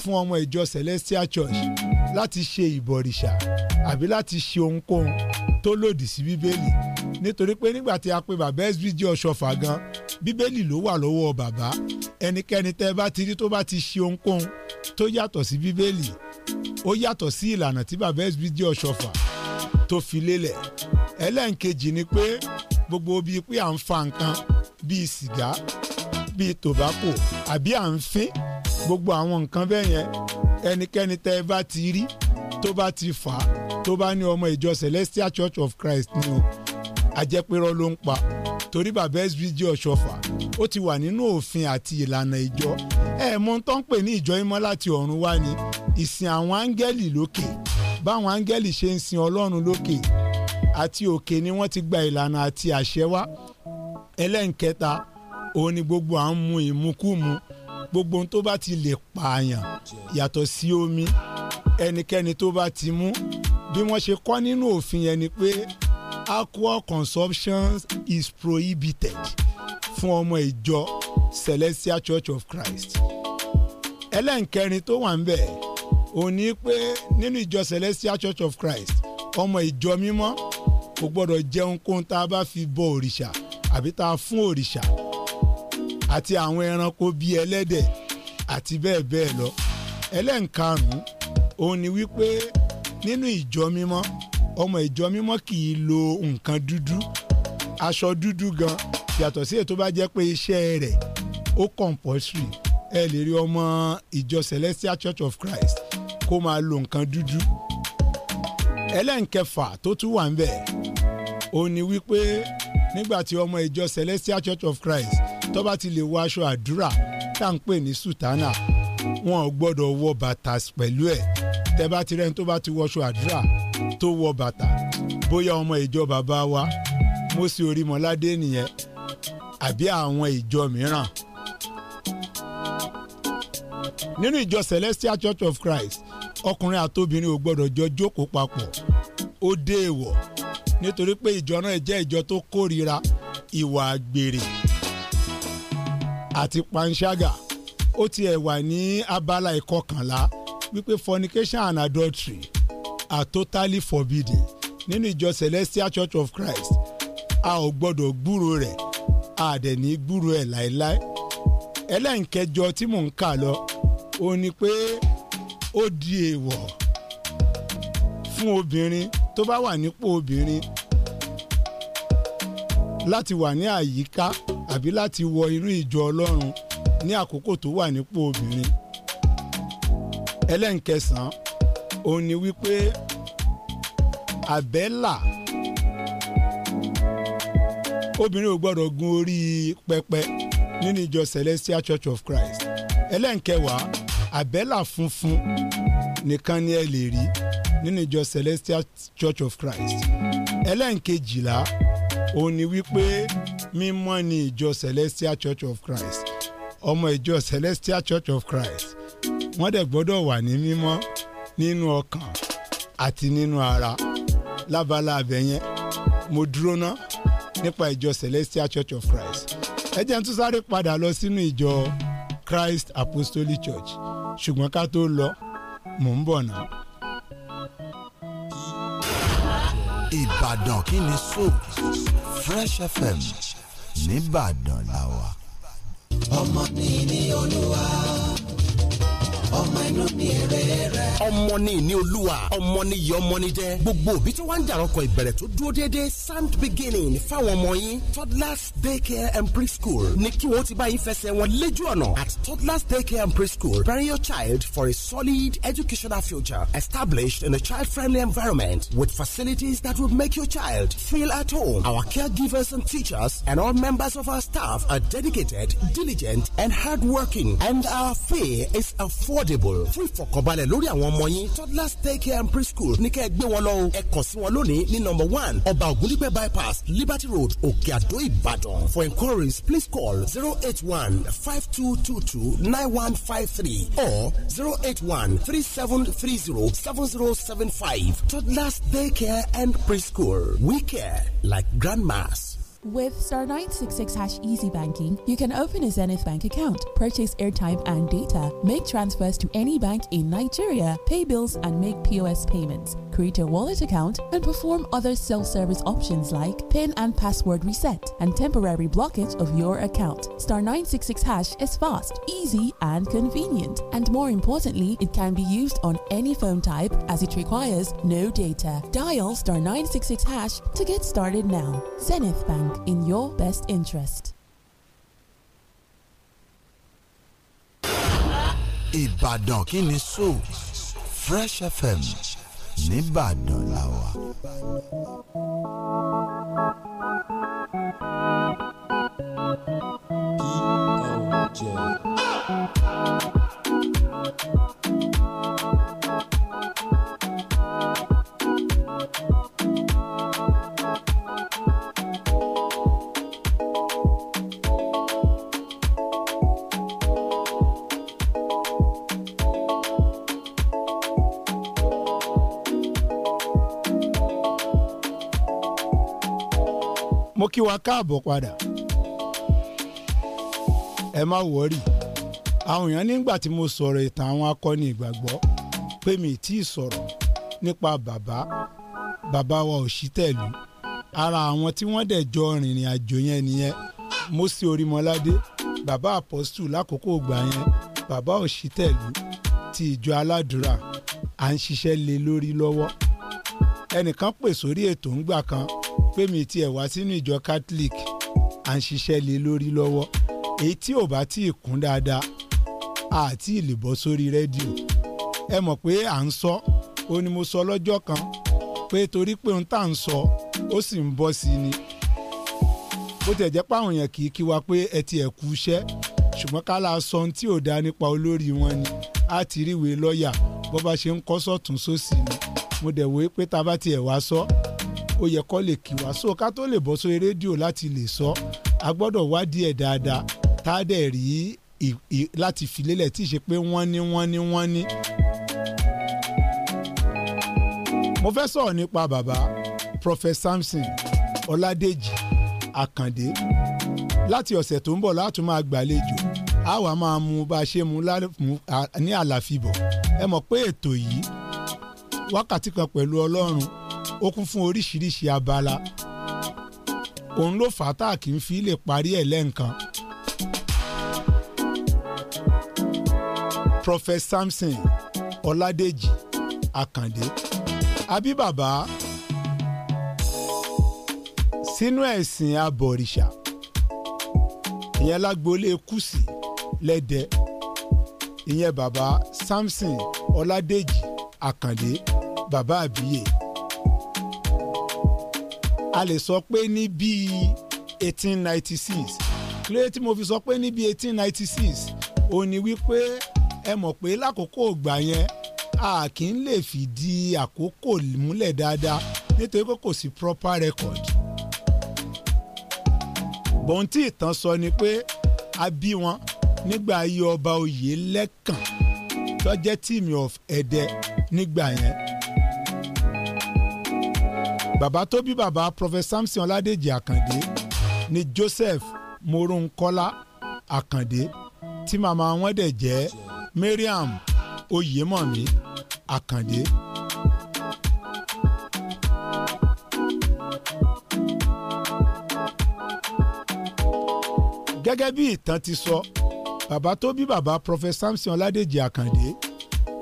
fún ọmọ ìjọ celestial church láti ṣe ìbọ̀rìṣà àbí láti ṣe ohunkóhun tó lòdì sí bíbélì nítorí pé nígbà tí a pe bàbá SBG ọ̀ṣọ́fà gan bíbélì ló wà lọ́wọ́ bàbá ẹnikẹ́ni tẹ́ bá ti rí tó bá ti ṣe ohunkóhun tó yàtọ̀ sí bíbélì ó yàtọ̀ sí ìlànà tí bàbá SBG ọ̀ṣọ́fà tó fi lélẹ̀ ẹlẹ́nkejì ni pé gbogbo bíi pé à ń fa nǹkan bíi sìgá bíi tobacco àbí à ń fín gbogbo àwọn nǹkan bẹ́ẹ̀ yẹn ẹnikẹ́ni tẹ́ bá ti rí tó bá ti fà á tó bá ní ọmọ ìjọ Celestial Church of Christ ni o ajẹ́pẹ́rọ́ ló ń pa torí bàbá SBG ọ̀ṣọ́fà ó ti wà nínú òfin àti ìlànà ìjọ ẹ̀ mọ̀ tó pè ní ìjọ mímọ́ láti ọ̀run wá ni ìsìn àwọn áńgẹ́lì lókè báwọn áńgẹ́lì ṣe ń sin ọlọ́run lókè àti òkè ni wọ́n ti gba ìlànà àti àṣẹ wá ẹlẹ́nkẹta òun ni gbogbo à ń mu ìmukúmu gbogbo ohun tó bá ti lè pààyàn yàtọ̀ sí omi ẹnikẹ́ni tó bá ti mú bí wọ́n ṣe kọ́ nínú òfin yẹn ni pé alcohol consumption is prohibited fún ọmọ ìjọ Celestial Church of Christ ẹlẹ́nkẹrin tó wà ń bẹ̀ ò ní pé nínú ìjọ Celestial Church of Christ ọmọ ìjọ mímọ́ kò gbọ́dọ̀ jẹun kóhun tá a bá fi bọ òrìṣà àbí tá a fún òrìṣà àti àwọn ẹranko bíi ẹlẹ́dẹ̀ àti bẹ́ẹ̀ bẹ́ẹ̀ lọ ẹlẹ́nkarùn-ún òun wípé nínú ìjọ mímọ́ ọmọ ìjọ mímọ́ kì í lo nǹkan dúdú aṣọ dúdú gan yàtọ̀ sí ètò bá jẹ́ pé iṣẹ́ rẹ̀ ó compulsory ẹ lè rí ọmọ ìjọ Celestial Church of Christ kó máa lo nǹkan dúdú ẹlẹ́nkẹfà tó tún wà ń bẹ̀ ó ní wípé nígbà tí ọmọ ìjọ Celestial Church of Christ tó bá ti lè wọ aṣọ àdúrà tá à ń pè ní sùtánà wọn ò gbọ́dọ̀ wọ bàtà pẹ̀lú ẹ̀ tẹ bá ti rẹni tó bá ti wọṣọ àdúrà tó wọ bàtà bóyá ọmọ ìjọ bàbá wa Mósè Orímọládé nìyẹn àbí àwọn ìjọ mìíràn nínú ìjọ Celestial Church of Christ ọkùnrin àtobìnrin ò gbọdọ̀ jọ jókòó papọ̀ ó dé èèwọ̀ nítorí pé ìjọ náà jẹ́ ìjọ tó kórira ìwà àgbèrè àti panṣágà ó tiẹ̀ wà ní abala ìkọkànlá. E wípé fornication and adultery are totally forbidden nínú ìjọ Celestial Church of Christ a ò gbọ́dọ̀ gbúrò rẹ̀ a dẹ̀ ní gbúrò ẹ̀ láéláé ẹlẹ́nkẹjọ tí mò ń kà lọ ò ní pé ó di èèwọ̀ fún obìnrin tó bá wà nípò obìnrin láti wà ní àyíká àbí láti wọ irú ìjọ Ọlọ́run ní àkókò tó wà nípò obìnrin ẹlẹ́nkẹsàn-án òun ni wípé àbẹ́là obìnrin ò gbọ́dọ̀ gun orí pẹpẹ nínú ìjọ Celestial Church of Christ ẹlẹ́nkẹwàá àbẹ́là funfun nìkan ni ẹ lè rí nínú ìjọ Celestial Church of Christ ẹlẹ́nkejìlá òun ni wípé mímọ́ ni ìjọ Celestial Church of Christ ọmọ ìjọ Celestial Church of Christ wọ́n dẹ̀ gbọ́dọ̀ wà ní mímọ́ nínú ọkàn àti nínú ara lábala abẹ yẹn mo dúró ná nípa ìjọ Celestial Church of Christ ẹ jẹ́ n tún sáré padà lọ sínú ìjọ Christ Apostolic Church ṣùgbọ́n ká tó lọ mò ń bọ̀ náà. Ìbàdàn kí ni so Fresh FM nìbàdàn làwà. ọmọ mi ni Olúwa ọmọ inú mi rere rẹ. ọmọ ni ìní olúwa ọmọ ni ìyá ọmọ ni jẹ gbogbo òbí tí wọ́n ń jàrọ̀kọ̀ ìbẹ̀rẹ̀ tó dúró déédéé sand beginning fáwọn ọmọ yín toddlers daycare and preschool ní kí wọ́n ti bá yín fẹsẹ̀ wọn lójú ọ̀nà at toddlers daycare and preschool preparing your child for a solid educational future established in a child-friendly environment with facilities that will make your child feel at home. Our caregivers and teachers and all members of our staff are dedicated, diligent, and hardworking, and our fee is affordable affordable fún ìfọ̀kànbalẹ̀ lórí àwọn ọmọ yín toddlers daycare and preschool ní kẹ́ ẹ gbé wọn lọ o ẹ kàn sí wọn lónìí ní number one ọba ògúndípẹ̀ bypass liberty road òkè àdó ìbàdàn for inquiries please call zero eight one five two two two nine one five three or zero eight one three seven three zero seven zero seven five toddlers daycare and preschool we care like grandmas. With star 966 hash easy banking, you can open a Zenith Bank account, purchase airtime and data, make transfers to any bank in Nigeria, pay bills and make POS payments, create a wallet account, and perform other self-service options like PIN and password reset and temporary blockage of your account. Star 966 hash is fast, easy, and convenient. And more importantly, it can be used on any phone type as it requires no data. Dial star 966 hash to get started now. Zenith Bank think in your best interest. Ìbàdàn kí ni so Fresh FM nìbàdàn la wà. P.O.J. kí wa káàbọ̀ padà ẹ má wọ́rì àwọn èèyàn nígbà tí mo sọ̀rọ̀ ìtàn àwọn akọni ìgbàgbọ́ pé mi tí sọ̀rọ̀ nípa bàbá bàbá wa Òṣìtẹ̀lú ara àwọn tí wọ́n dẹ̀ jọ rìnrìn àjò yẹn nìyẹn Mósè Orímọládé bàbá apọ́stù lákòókò ìgbà yẹn bàbá Òṣìtẹ̀lú ti ìjọ aládùúrà à ń ṣiṣẹ́ lé lórí lọ́wọ́ ẹnìkan pè sórí ètò ńgbà kan pé mi tiẹ̀ wá sínú ìjọ Catholic à ń ṣiṣẹ́ lé lórí lọ́wọ́ èyí tí ò bá tí ì kún dáadáa àti ìlèbọ́ sórí rédíò ẹ mọ̀ pé à ń sọ ó ní mo sọ lọ́jọ́ kan pé torí pé ohun tá à ń sọ ó sì ń bọ́ sí ni bó tẹ̀ jẹ́ páwọn èèyàn kì í kí wa pé ẹ ti ẹ̀ kú iṣẹ́ ṣùgbọ́n ká la sọ ohun tí ò dá nípa olórí wọn ni á ti ríwèé lọ́ọ̀yà bó bá ṣe ń kọ́ sọ̀tún sósì ni mo dẹ̀ wòó pé tá a bá tiẹ̀ wá sọ ó yẹ kó lè kí wa so ká tó lè bọ́ sórí rédíò láti lè sọ a gbọ́dọ̀ wádìí ẹ̀ dáadáa tá a dẹ̀ rí láti fi lélẹ̀ tí ṣe pé wọ́n ní wọ́n ní wọ́n ní. mo fẹ́ sọ̀rọ̀ nípa bàbá Prophet Samson Ọládèjì Àkàndé láti ọ̀sẹ̀ tó ń bọ̀ látún máa gbàlejò a wà máa mu bá a ṣe mu ní àlàfíbọ̀ ẹ mọ̀ pé ètò yìí wákàtí kan pẹ̀lú Ọlọ́run ó kún fún oríṣiríṣi abala òun ló fà á tá a kì í fi lè parí ẹ̀ lẹ́ǹkan. Prophet Samson Ọládèjì Àkàndé Abíbàbá sínú ẹ̀sìn abọ̀rìṣà ìyẹn lágboolé Kùsì lẹ́dẹ̀ ìyẹn Baba Samson Ọládèjì Akande Baba àbíyè a lè sọ pé ní bíi eighteen ninety six kílódé tí mo fi sọ pé ní bíi eighteen ninety six ó ní wípé ẹ mọ̀ pé lákòókò ìgbà yẹn a kì í lè fìdí àkókò múlẹ̀ dáadáa nítorí pé kò sí proper record. bọ́n tí ìtàn sọ ni pé a bí wọn nígbà ayé ọba Oyèlẹ́kàn tó jẹ́ tíìmù of Ẹdẹ nígbà yẹn bàbá tó bí bàbá Prof Samson Ọládèjì Àkàndé ni Joseph Mórúnkọ́lá Àkàndé tí màmá wọn dẹ̀ jẹ́ Mariam Oyèmọ̀mí Àkàndé. gẹ́gẹ́ bí ìtàn ti sọ bàbá tó bí bàbá Prof Samson Ọládèjì Àkàndé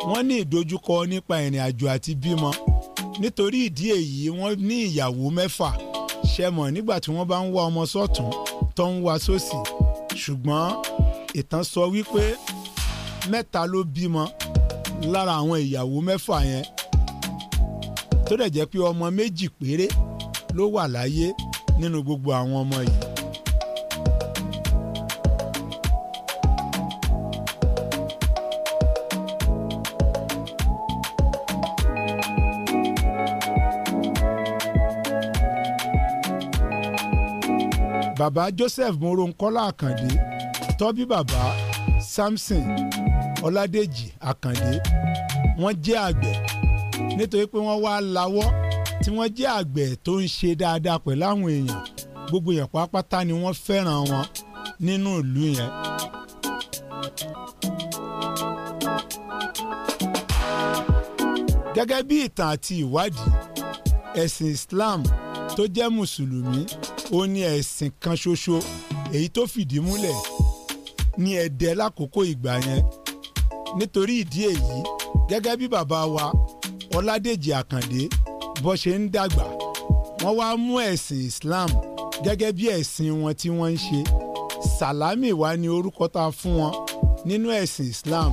wọ́n ní ìdojúkọ nípa ìrìn àjò àti bímọ nítorí ìdí èyí wọ́n ní ìyàwó mẹ́fà ṣẹmọ̀ nígbà tí wọ́n bá ń wá ọmọ sọ́tún tó ń wá sósì ṣùgbọ́n ìtàn sọ wípé mẹ́ta ló bímọ lára àwọn ìyàwó mẹ́fà yẹn tó dẹ̀ jẹ́ pé ọmọ méjì péré ló wà láyé nínú gbogbo àwọn ọmọ yìí Baba Joseph Moronkola Àkàndé tọ́bí Baba, Samson Ọládèjì Àkàndé wọ́n jẹ́ àgbẹ̀ nítorí pé wọ́n wá lawọ́ tí wọ́n jẹ́ àgbẹ̀ tó ń ṣe dáadáa pẹ̀lú àwọn èèyàn gbogbo èèyàn pápátá ni wọ́n fẹ́ràn wọn nínú ìlú yẹn. gẹ́gẹ́ bí ìtàn àti ìwádìí ẹ̀sìn Islam tó jẹ́ mùsùlùmí ó ní ẹ̀sìn kan ṣoṣo èyí tó fìdí múlẹ̀ ní ẹ̀dẹ́ lákòókò ìgbà yẹn nítorí ìdí èyí gẹ́gẹ́ bí bàbá wa ọládèjì àkàndé bó ṣe ń dàgbà wọ́n wá mú ẹ̀sìn islam gẹ́gẹ́ bí ẹ̀sìn wọn tí wọ́n ń ṣe sàlámì wá ní orúkọ tá fún wọn nínú ẹ̀sìn islam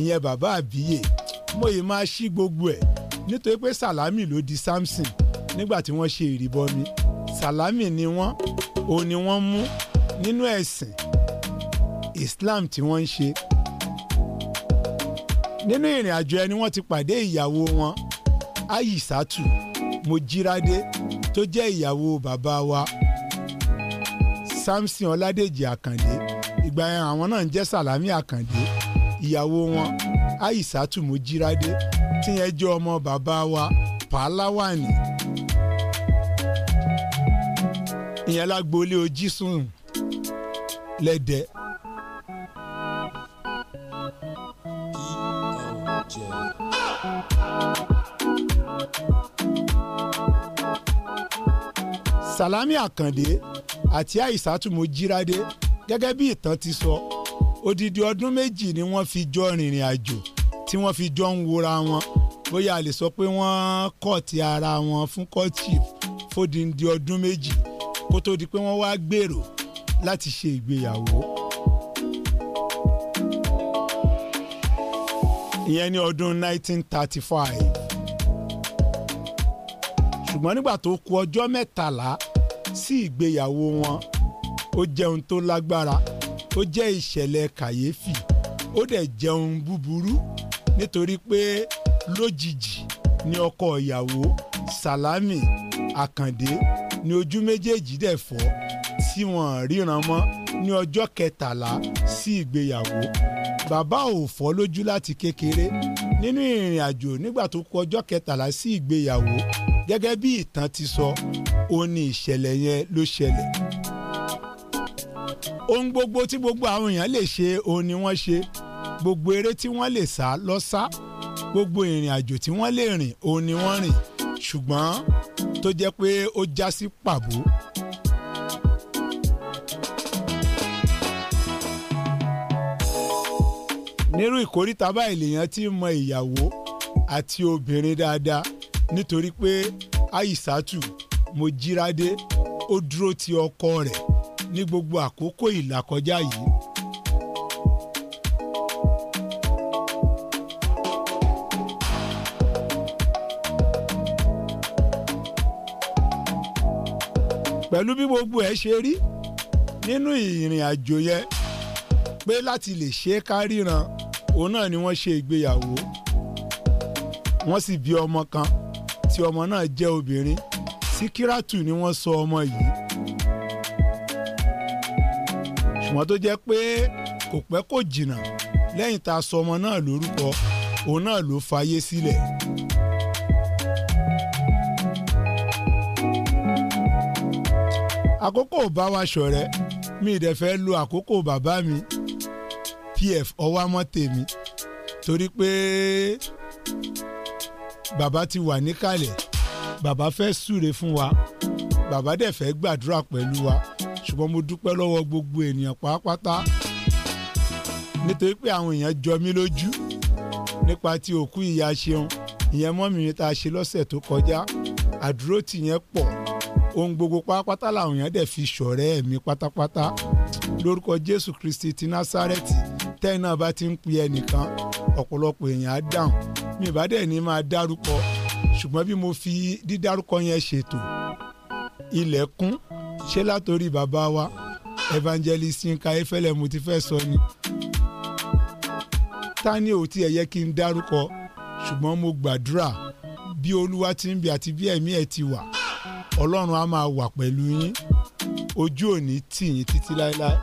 ìyẹn bàbá àbíyè mo yìí máa ṣí gbogbo ẹ̀ nítorí pé sàlámì ló di samson nígbà tí wọ́n ṣe ìrìbọmi sàlámì ni wọ́n ò ní wọ́n mú nínú ẹ̀sìn Islam tí wọ́n ń ṣe nínú ìrìn àjò ẹni wọ́n ti pàdé ìyàwó wọn Aisatu Mojírádé tó jẹ́ ìyàwó bàbá wa Samson Ọládèjì Àkàndé ìgbà yẹn àwọn náà ń jẹ́ Sàlámì Àkàndé ìyàwó wọn Aisatu Mojírádé tíyẹn jẹ́ ọmọ bàbá wa Pàláwàní. ìyẹn lágboolé ojísùn lẹ́dẹ̀. Sàlámì Àkàndé àti Àìsàtú Mojírádé gẹ́gẹ́ bí ìtàn ti sọ odidi ọdún méjì ni wọ́n fi jọ rìnrìn àjò tí wọ́n fi jọ ń wora wọn bóyá a lè sọ pé wọ́n kọ̀ọ̀tì ara wọn fún courtship fódìndí ọdún méjì kó tó di pé wọ́n wá gbèrò láti ṣe ìgbéyàwó. ìyẹn ní ọdún 1935 ṣùgbọ́n nígbà tó kù ọjọ́ mẹ́tàlá sí ìgbéyàwó wọn ó jẹun tó lágbára ó jẹ́ ìṣẹ̀lẹ̀ kàyéfì ó dẹ̀ jẹun búburú nítorí pé lójijì ni ọkọ ìyàwó Sàlámì Àkàndé ni ojú méjèèjì dẹ̀ fọ́ tí wọ́n ríran mọ́ ní ọjọ́ kẹtàlá sí ìgbéyàwó bàbá ò fọ́ lójú láti kékeré nínú ìrìn àjò nígbà tó kù ọjọ́ kẹtàlá sí ìgbéyàwó gẹ́gẹ́ bí ìtàn ti sọ ó ní ìṣẹ̀lẹ̀ yẹn ló ṣẹlẹ̀ ohun gbogbo tí gbogbo àwọn èèyàn lè ṣe òun ni wọ́n ṣe gbogbo eré tí wọ́n lè sá lọ gbogbo ìrìn àjò tí wọ́n lè rìn òun ni wọ́n rìn ṣùgbọ́n tó jẹ́ pé ó já sí pàbó. nírú ìkóríta báyìí lèèyàn ti mọ ìyàwó àti obìnrin dáadáa nítorí pé àìsàtù Mojírádé ó dúró ti ọkọ rẹ̀ ní gbogbo àkókò ìlàkọjá yìí pẹ̀lú bí gbogbo ẹ̀ ṣe rí nínú ìrìn àjò yẹn pé láti lè ṣe é káríran òun náà ni wọ́n ṣe ìgbéyàwó wọ́n sì bí ọmọ kan tí ọmọ náà jẹ́ obìnrin Síkírátù ni wọ́n sọ ọmọ yìí ṣùgbọ́n tó jẹ́ pé kò pẹ́ kò jìnnà lẹ́yìn tá a sọ ọmọ náà lórúkọ òun náà ló fayé sílẹ̀. Si àkókò bá wa ṣọ̀rẹ́ mi ì dẹ̀ fẹ́ lo àkókò bàbá mi pf ọwámọ́ tèmi torí pé bàbá ti wà níkàlẹ̀ bàbá fẹ́ súre fún wa bàbá dẹ̀ fẹ́ gbàdúrà pẹ̀lú wa ṣùgbọ́n mo dúpẹ́ lọ́wọ́ gbogbo ènìyàn pàápàá nítorí pé àwọn èèyàn jọ mí lójú nípa ti òkú ìyá ṣeun ìyẹn mọ́ mi ta ṣe lọ́sẹ̀ tó kọjá àdúró tì pọ̀ ohun gbogbo pátápátá làwọn èèyàn dẹ̀ fi ṣọ̀rẹ́ mi pátápátá lórúkọ Jésù Kristi ti Násárẹ́tì tẹ́yìn bá ti ń pe ẹnìkan ọ̀pọ̀lọpọ̀ èèyàn á dáhùn mi ìbá dẹ̀ ní máa dárúkọ ṣùgbọ́n bí mo fi dídárúkọ yẹn ṣètò ilẹ̀ ṣé látòrí bàbá wa Evangelist Yinka Efẹ́lẹ́ mo ti fẹ́ sọ ni ta ni ò tiẹ̀ yẹ kí n dárúkọ ṣùgbọ́n mo gbàdúrà bí Olúwa ti ń bẹ àti bí ẹ̀mí ẹ̀ ti wà ọlọ́run á máa wà pẹ̀lú yín ojú ò tì yín títí láéláé.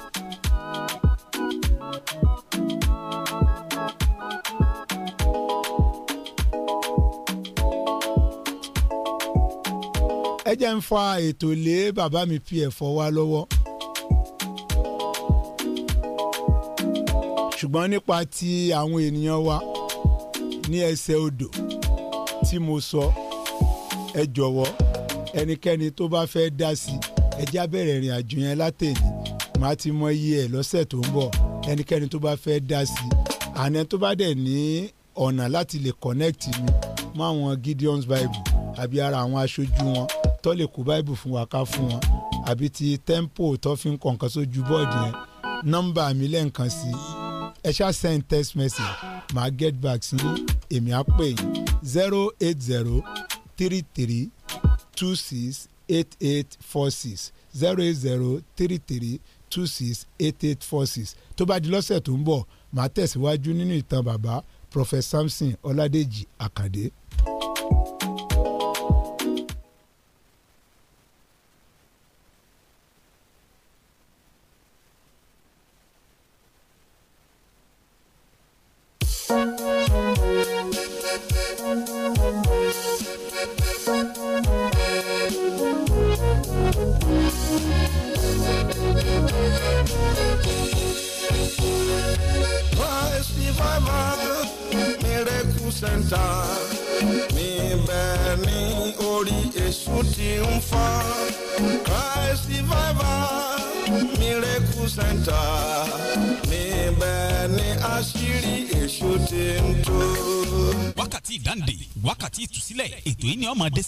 ẹ jẹ́ ń fa ètò lé bàbá mi pí ẹ̀fọ́ wa lọ́wọ́. ṣùgbọ́n nípa ti àwọn ènìyàn wa ní ẹsẹ̀ odò tí mo sọ ẹ jọ̀wọ́ ẹnikẹ́ni tó bá fẹ́ dá sí ẹ já bẹ̀rẹ̀ ìrìn àjò yẹn látẹ̀lé màá ti mọ iye ẹ̀ lọ́sẹ̀ tó ń bọ̀ ẹnikẹ́ni tó bá fẹ́ dá sí àná tó bá dẹ̀ ní ọ̀nà láti lè connect mi mọ́ àwọn Gideon's Bible àbí ara àwọn aṣojú wọn tó lè kó Bible fún wa ká fún wọn àbí ti tempo tó fi ń kọ̀ nǹkan sójú bọ́ọ̀dù yẹn nọ́mbà mi lẹ́ǹkan sí ẹ ṣá send text message màá get back sí èmi á zero eight zero three three two six eight eight four six zero eight zero three three two six eight eight four six tó bá di lọ́sẹ̀ tó ń bọ̀ màá tẹ̀síwájú nínú ìtàn bàbá Prof Samson Ọládèjì Àkàndé.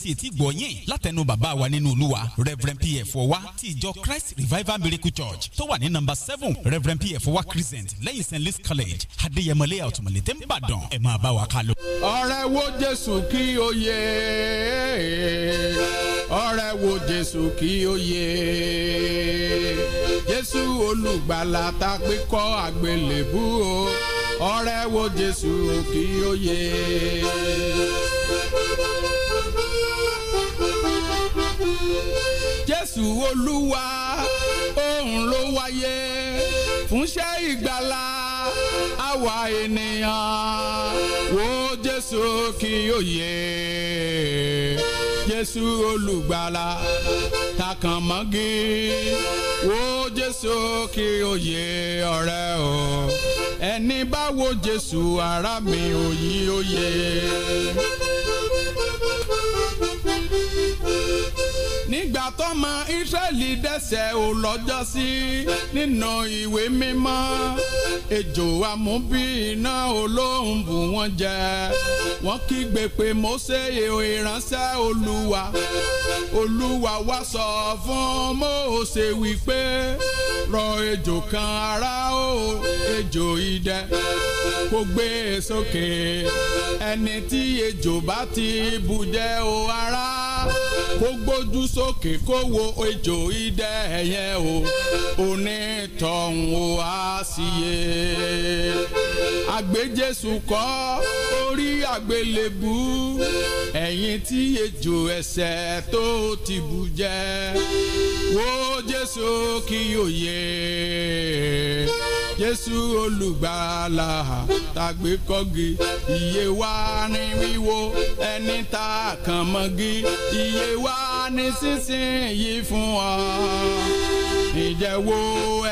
sí etí gbọ̀nyìn látẹnu bàbá wa nínú olúwa reverend pf ọwa ti ìjọ christ revival miracle church tó wà ní number seven reverend pf ọwa crescent lẹ́yìn st louis college adéyẹmọlẹ́ àtùmọ̀lẹ́ tẹ́ ń bàdàn ẹ̀ máa bá wa ká lọ. ọ̀rẹ́ wo jésù kí o yè ọ̀rẹ́ wo jésù kí o yè jésù olùgbàlà tá pé kọ́ àgbélébú o ọ̀rẹ́ wo jésù kí o yè. Jésù Olúwa òun ló wáyé fúnṣẹ́ ìgbàlá àwa ènìyàn wo Jésù kí ó yè Jésù olùgbàlà takàn mọ́gí wo Jésù kí ó yè ọ̀rẹ́ o ẹni bá wo Jésù ara mi òyì ó yè. Música nígbà tọ́mọ Ísírẹ́lì dẹ́ṣẹ̀ ò lọ́jọ́ sí nínú ìwé mímọ́ ejò amúbí iná olóhùn bù wọ́n jẹ wọ́n kígbe pé Mósè ìránṣẹ́ Olúwa Olúwa wá sọ fún Mósè wípé rọ ejò kan ara o ejò idẹ kó gbé e sókè ẹni tí ejò bá ti bù jẹ o ara kó gbójú sókè kó wo ejò idẹ yẹn o onítọ̀hún o á sì yé àgbéjésù kọ́ orí àgbélébú ẹ̀yìn tí ejò ẹ̀ṣẹ̀ tó ti bù jẹ wo jésù kí yóò yé jésù olùgbàlà tàgbé kọ́gi ìyè wa ní wíwo ẹni tá a kàn mọ́gi ìyè wa ní sísìnyí fún ọ ǹjẹ́ wo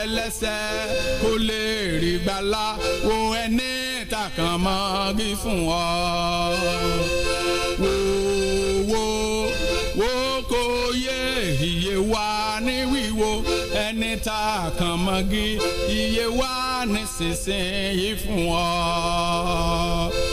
ẹlẹ́sẹ̀ kó lè rí gbàlà wo ẹni tá a kàn mọ́gi fún ọ. lóye iye wa ní wíwo ẹni tá a kàn mọ́gi iye wa ní sísìn yìí fún ọ.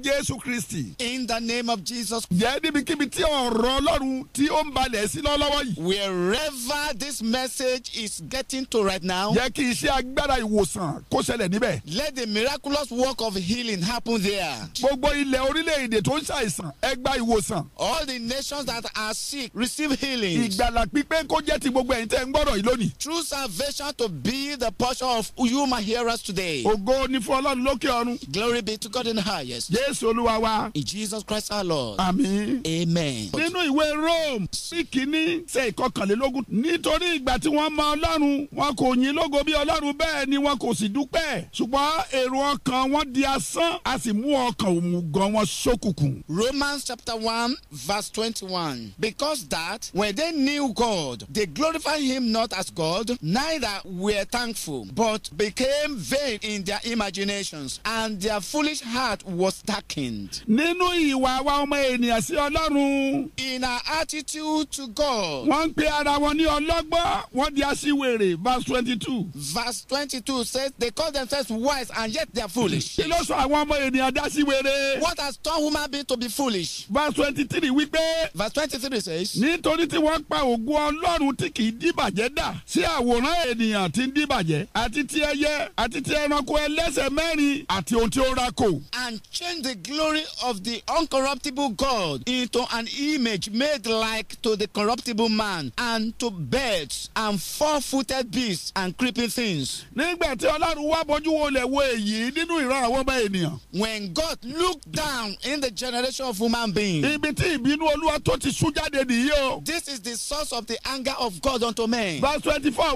Jésù Kristi. In the name of Jesus. Jẹ́ tí ọ̀rọ̀ Ọlọ́run tí ó ń balẹ̀ sí lọ́wọ́ yìí. Wherever this message is getting to right now. Jẹ́ kí iṣẹ́ agbára ìwòsàn kó ṣẹlẹ̀ níbẹ̀. Let the miraculous work of healing happen there. Gbogbo ilẹ̀ orílẹ̀-èdè tó ń ṣàìsàn ẹ gba ìwòsàn. All the nations that are sick receive healing. Ìgbàlà pípé kó jẹ́ ti gbogbo ẹ̀yin tẹ́ ń gbọ́dọ̀ yìí lónìí. True salvation to be the portion of you my hearers today. Ògo ni fún Ọlọ́run lókè ọ̀run. Glory be to God in highest. Jesus. Jésù Olúwa wa. In Jesus Christ our Lord. Àmín. Amen. Nínú ìwé Rome sí kínní ṣe ìkọkànlélógún. Nítorí ìgbà tí wọ́n mọ Ọlọ́run, wọn kò yìn lógo bí Ọlọ́run bẹ́ẹ̀ ni wọn kò sì dúpẹ́. Ṣùgbọ́n èrò ọkàn wọn di asán, a sì mú ọkàn òmùgọ̀ wọn ṣókùnkùn. Romans chapter one verse twenty-one. Because that when they knew God, they glorified him not as God, neither were thankful, but became vain in their imaginations, and their foolish heart was was darkened. nínú ìwà wa ọmọ ènìyàn sí ọlọ́run. in our attitude to God. wọ́n ń pe ara wọn ní ọlọ́gbọ́n wọ́n di aṣiwèrè verse twenty-two. verse twenty-two says they call themselves wise and yet they are foolish. kí ló sọ àwọn ọmọ ènìyàn dá síwèrè. what has turned human being to be foolish. verse twenty-three wípé. verse twenty-three says. nítorí tí wọ́n pa ògùn ọlọ́run tí kì í díbàjẹ́ dà sí àwòrán ènìyàn tí ń díbàjẹ́ àti ti ẹyẹ àti ti ẹranko ẹlẹ́sẹ̀ mẹ́rin àti ohun tí ó rákò. and change the glory of the uncorruptible God into an image made like to the corruptible man and to birds and four-footed beasts and creeping things. nígbà tí ọlọ́run wá bójú wo lè wo èyí nínú ìran àwọn ọmọ ènìyàn. when God looked down in the generation of human beings. ibi tí ìbínú olúwa tó ti sún jáde nìyí o. this is the source of the anger of God unto men. verse twenty-four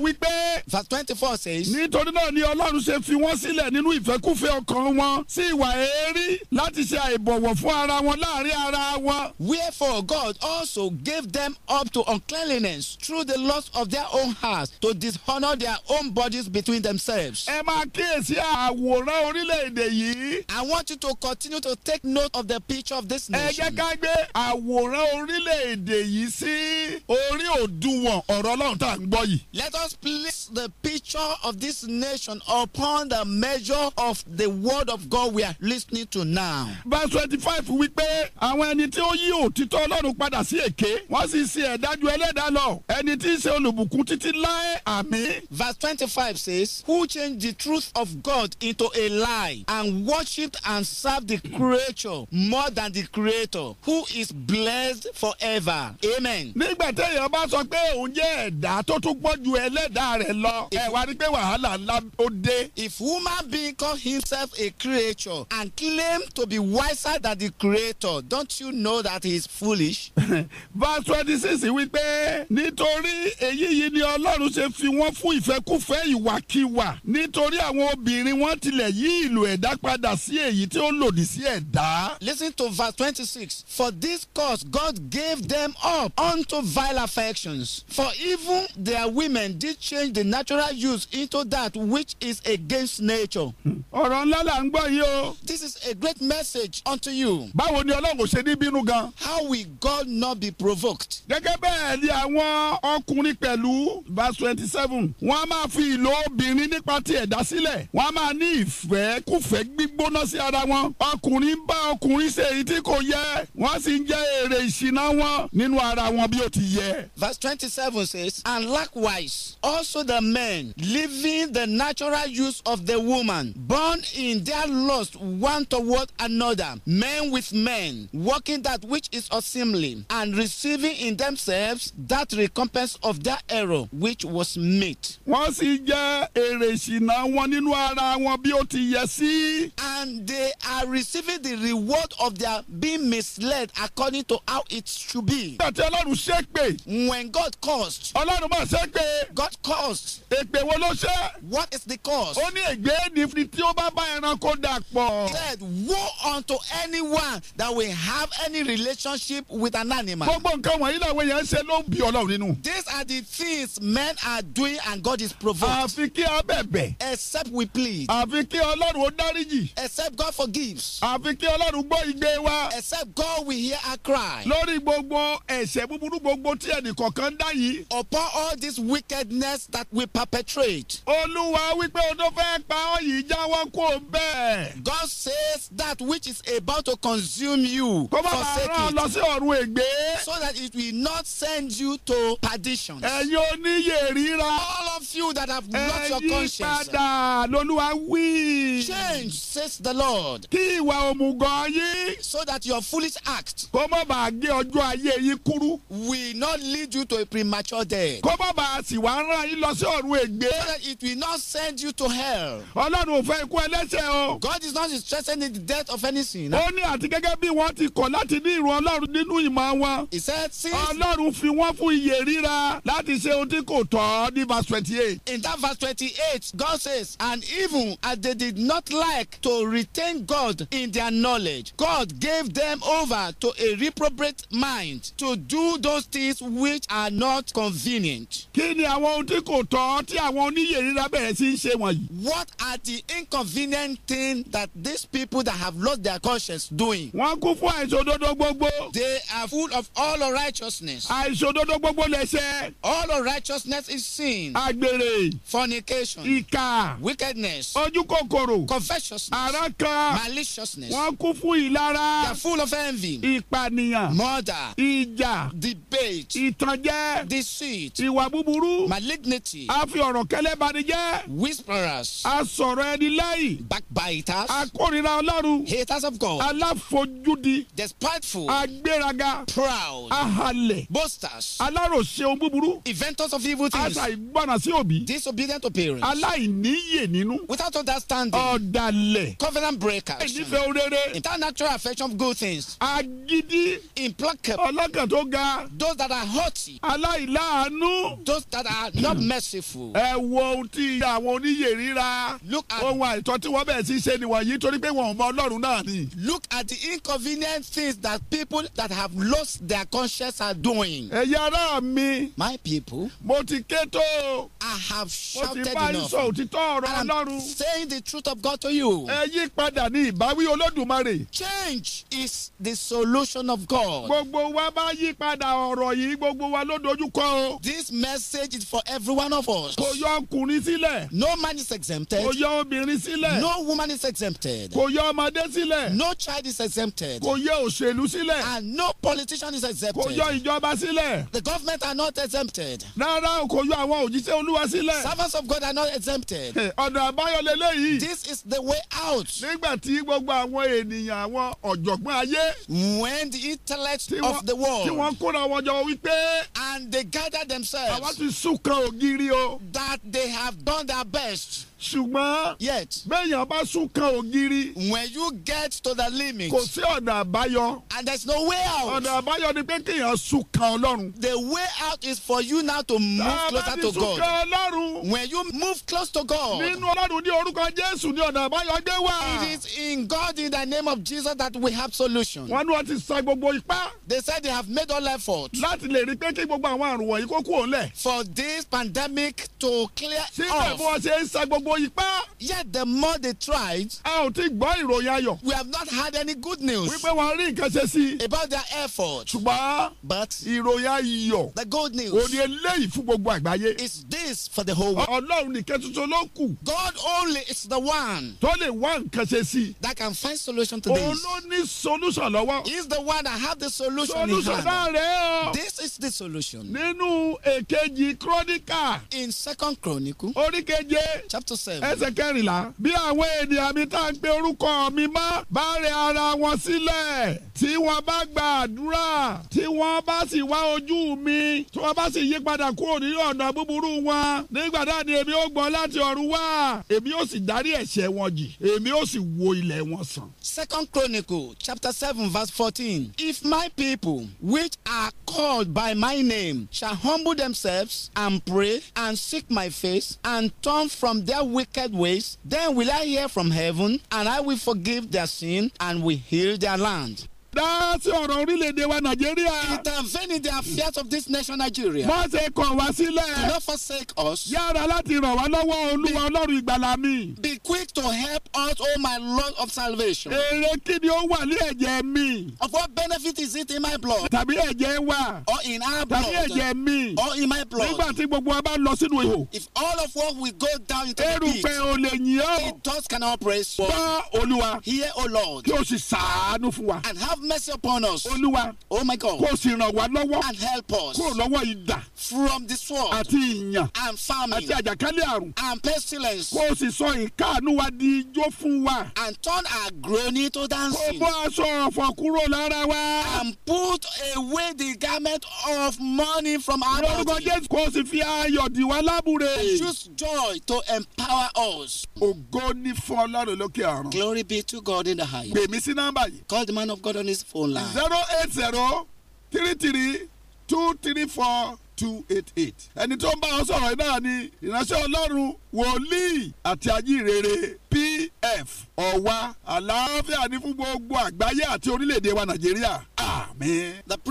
verse twenty-four says. nítorí náà ni ọlọ́run ṣe fi wọ́n sílẹ̀ nínú ìfẹ́kúfẹ́ ọkàn wọn sí ìwà èérí. rí láti ṣe àìbọ̀wọ̀ fún ara wọn láàrin ara wọn. Wherefore God also gave them up to uncleanness through the lust of their own hearts to dishonour their own bodies between themselves. Ẹ máa kíyèsí àwòrán orílẹ̀-èdè yìí. I want you to continue to take note of the picture of this nation. Ẹ jẹ́ ká gbé àwòrán orílẹ̀-èdè yìí sí orí òdùwọ̀n ọ̀rọ̀ Ọlọ́run tá à ń gbọ́ yìí. Let us place the picture of this nation upon the measure of the word of God we are listening to now. verse twenty-five wípé àwọn ẹni tí ó yí òtítọ́ ọlọ́run padà sí èké wọ́n sì ṣe ẹ̀dájú ẹlẹ́dàá lọ ẹni tí í ṣe olùbùkún títí láé àmì. verse twenty-five says who changed the truth of God into a lie and worshipped and served the creature more than the creator who is blessed forever amen. nígbà téèyàn bá sọ pé òun jẹ́ ẹ̀dá tó tún pọ̀ ju ẹlẹ́dàá rẹ̀ lọ ẹ̀ wá pé wàhálà ńlá ó dé. if woman being call himself a creature and claim claim to be wiser than the creator don't you know that he is foolish. verse twenty six wípé nítorí èyí yìí ni ọlọ́run ṣe fi wọ́n fún ìfẹ́kúfẹ́ ìwàkiwà nítorí àwọn obìnrin wọn tilẹ̀ yí ìlò ẹ̀dá padà sí èyí tí ó lòdì sí ẹ̀dá. listen to verse twenty-six for this cause God gave them up unto vile affections for even their women did change the natural use into that which is against nature. Hmm. ọ̀rọ̀ ńlá là ń gbọ́ yìí o. this is a a great message unto you. báwo ni ọlọ́run ṣe ní bínú gan. how will God not be provoked. gẹ́gẹ́ bẹ́ẹ̀ ni àwọn ọkùnrin pẹ̀lú verse twenty seven wọ́n á máa fi ìlò obìnrin nípa ti ẹ̀dá sílẹ̀ wọ́n á máa ní ìfẹ́ kúfẹ́ gbígbóná sí ara wọn ọkùnrin bá ọkùnrin ṣe èyí tí kò yẹ wọ́n sì ń jẹ́ èrè ìṣìnà wọn nínú ara wọn bí ó ti yẹ. verse twenty-seven says and likewise also the men leaving the natural use of the woman born in their lust one to toward another, men with men, working that which is unseemly, and receiving in themselves that recompense of their error which was made. Wọ́n sì jẹ́ èrè ìṣìnà wọn nínú ara wọn bí ó ti yẹ sí. And they are receiving the reward of their being misled according to how it should be. Nígbà tí Ọlọ́run ṣépè. When God caused. Ọlọ́run máa ṣépè. God caused. Èpè wo ló ṣe. What is the cause? Ó ní ègbé ni tí ó bá bá ẹranko dà pọ̀. He said woe unto anyone that will have any relationship with an animal. gbogbo nǹkan wọ̀nyí làwọn èèyàn ṣe ló ń bí ọlọ́run nínú. these are the things men are doing and God is provoked. àfi kí a bẹ̀bẹ̀. except we plead. àfi kí ọlọ́run ó dáríjì. except God forgives. àfi kí ọlọ́run gbọ́ igbe wa. except God will hear our cry. lórí gbogbo ẹ̀ṣẹ̀ búburú gbogbo tí ẹnìkọ̀ọ̀kan dá yìí. upon all this wickedness that we perpetrate. olúwa wípé o tó fẹ́ pa ọ́ yìí jáwọ́ kó bẹ́ẹ̀. God says let that which is about to consume you kó bá bàa rán lọ sí ọ̀run ègbé. so that it will not send you to perdition. ẹ̀yin oníyè ríra. all of you that have lost your conscience. ẹ̀yin padà lolúwa wí. change says the lord. kí ìwà òmùgọ̀ yín. so that your foolish act. kó má bàa gé ọjọ́ ayé yín kúrú. will not lead you to a premature death. kó má bàa sì wá rán yín lọ sí ọ̀run ègbé. so that it will not send you to hell. ọlọ́run ò fẹ́ ikú ẹlẹ́sẹ̀ o. God is not stressing any death of any sin. ó ní àti gẹ́gẹ́ bí wọ́n ti kọ̀ láti ní ìrù ọlọ́run nínú ìmọ̀ wọn. he said since. ọlọ́run fi wọ́n fún iye ríra láti ṣe ohun tí kò tọ́ ní verse twenty-eight. in that verse twenty-eight God says and even as they did not like to retain God in their knowledge God gave them over to a reprobate mind to do those things which are not convenient. kí ni àwọn ohun tí kò tọ́ tí àwọn oníyè ríra bẹ̀rẹ̀ sí ṣe wọ̀nyí. what are the inconvenient things that these people people that have lost their conscience doing. wọ́n kún fún àìṣòdodo gbogbo. they are full of all unrighteousness. àìṣòdodo gbogbo lẹ́sẹ̀. all unrighteousness is sin. àgbèrè. fornication. ìkà. wickedness. ojúkòkòrò. covetousness. àrankàn. maliciousness. wọ́n kún fún ìlara. they are full of envy. ìpànìyàn. murder. ìjà. debate. ìtànjẹ. deceit. ìwà búburú. malignity. a fi ọ̀rọ̀ kẹlẹ́ bani jẹ́. whisperers. a sọ̀rọ̀ ẹni lẹ́yìn. backbiters. a kórira ọlọ́run. haters of God. aláfojúdi. despiteful. agbéraga. proud. ahalẹ̀. boasters. aláròṣe ohun búburú. inventors of evil things. aláìgbọràn sí òbí. disobedient to parents. aláìníyè nínú. without understanding. ọ̀dàlẹ̀. covenant breakers. ìnífẹ̀ orere. international affection of good things. agídí. implacable. ọlọ́kàn tó ga. those that are haughty. aláìláàánú. those that are not hmm. merciful. ẹ wo ohun tí àwọn oníyè ríra. look at ohun àìtọ́ tí wọ́n bẹ̀rẹ̀ sí ṣe nìwọ̀nyí torí pé wọ́n ọmọ ọlọ́run náà ni. look at the inconvenient things that people that have lost their conscience are doing. ẹ̀yà ara mi. my people. mo ti ké tó. I have shouted enough. mo ti bá ìsọ òtítọ́ ọ̀rọ̀ ọlọ́run. I am saying the truth of God to you. ẹ yí padà ní ìbáwí olódùmarè. change is the solution of God. gbogbo wa bá yí padà ọ̀rọ̀ yìí gbogbo wa ló dojú this message is for every one of us. kò yọ ọkùnrin sílẹ̀. no man is exempted. kò yọ obìnrin sílẹ̀. no woman is exempted. kò yọ ọmọdé sílẹ̀. no child is exempted. kò yọ òṣèlú sílẹ̀. and no politician is exempted. kò yọ ìjọba sílẹ̀. the government are not exempted. rárá kò yọ àwọn òjíṣẹ́ olúwa sílẹ̀. servants of God are not exempted. ọ̀nà àbáyọ lélẹ́yìí. this is the way out. nígbà tí gbogbo àwọn ènìyàn àwọn ọ̀jọ̀gbọ́n ayé. when the intellect of the world. tí wọ́n kóra wọn jọ wípé. and they gather themselves. àwa ti súnkan ògiri o. that they have done their best ṣùgbọ́n. yet. bẹ́ẹ̀yàn bá sún kan ògiri. when you get to the limit. kò sí ọ̀nà àbáyọ. and there is no way out. ọ̀nà àbáyọ ni pé kéèyàn sún kan Ọlọ́run. the way out is for you now to move closer to God. dábàá ti sún kan Ọlọ́run. when you move close to God. nínú Ọlọ́run ní orúkọ Jésù ní ọ̀nà àbáyọ gbé wá. it is in God in the name of Jesus that we have solution. wọ́n ní wọ́n ti sa gbogbo ipá. they said they have made all effort. láti lè rí pé kí gbogbo àwọn àrùn wọ̀nyí kó kú òun lẹ̀. for this pandemic to clear off. síbẹ̀ bí wọ́n ṣe ń sa gbogbo gbogbo ipá. yet the more they tried. a ò ti gbọ́ ìròyìn ayọ̀. we have not had any good news. wípé wọn rí nǹkan ṣe sí. about their effort. ṣùgbọ́n. but ìròyìn ayọ̀. the good news. òní eléyìí fún gbogbo àgbáyé. is this for the whole world. ọlọ́run nìkan tuntun ló kù. God only is the one. tó lè wá nǹkan ṣe sí. that can find solution to this. òun solution lọ́wọ́. he is the one that have the solution, in hand. solution rẹ̀ o. this is the solution. nínú èkejì kúrọ́níkà. in second chronicle. oríkeje. chapter ẹsẹ̀ kẹrìnlá bí àwọn ènìyàn mi tá ń pe orúkọ mi mọ́ bá rẹ ara wọn sílẹ̀ tí wọ́n bá gba àdúrà tí wọ́n bá sì wá ojú mi tí wọ́n bá sì yí padà kúrò ní ọ̀nà búburú wọn nígbà náà ni èmi ó gbọ́ láti ọ̀run wá èmi ó sì dárí ẹ̀ṣẹ̀ wọn jì èmi ó sì wo ilẹ̀ wọn sàn. Second Chronicle chapter seven verse fourteen if my people which are called by my name shall humble themselves and pray and seek my face and turn from their wicked ways, then will I hear from heaven, and I will forgive their sin, and will heal their land. dá sí ọ̀rọ̀ orílẹ̀-èdè wa nàìjíríà. intervene in the affairs of this nation Nigeria. má ṣe kọ̀ wá sílẹ̀. do not forsake us. yára láti ràn wá lọ́wọ́ olúwa ọlọ́run ìgbàlà mi. be quick to help us o oh my Lord of salvation. èrè kí ni ó wà ní ẹ̀jẹ̀ mi. of what benefit is it in my blood. tàbí ẹ̀jẹ̀ wa. or in our blood. tàbí ẹ̀jẹ̀ mi. or in my blood. nígbà tí gbogbo wa bá lọ sínú ihò. if all of us will go down into the pit. erùpẹ̀ ò lè yìn ọ́. the dust cannot praise. gbọ́ olúwa. hear o Lord. kí o sì ṣàánú fún wa. and have mercy upon us. olúwa oh my God. kó sì ràn wá lọ́wọ́. and help us. kúrò lọ́wọ́ idà. from the sword. àti ìyàn. and famine. àti àjàkálẹ̀ àrùn. and pestilence. kó o sì sọ ìkáàánú wa di ijó fún wa. and turn our groaning to dancing. kó bọ́ aṣọ ọ̀fọ̀ kúrò lára wa. and put away the garment of mourning from our body. lórúkọ jésù kó sì fi ayọ̀ dì wá lábúre. and use joy to empower us. ògo ni fún ọlọ́run lókè ọ̀run. glory be to God in the highest. pèmí sí nọ́mbà yìí. call the man of God on his this phone line. zero eight zero three three two three four two eight eight. ẹni tó ń bá ọ sọ̀rọ̀ náà ni ìránṣẹ́ ọlọ́run wòlíì àti ajíhìnrere pf ọ̀wá àlàáfíà ní fún gbogbo àgbáyé àti orílẹ̀-èdè wa nàìjíríà àmín.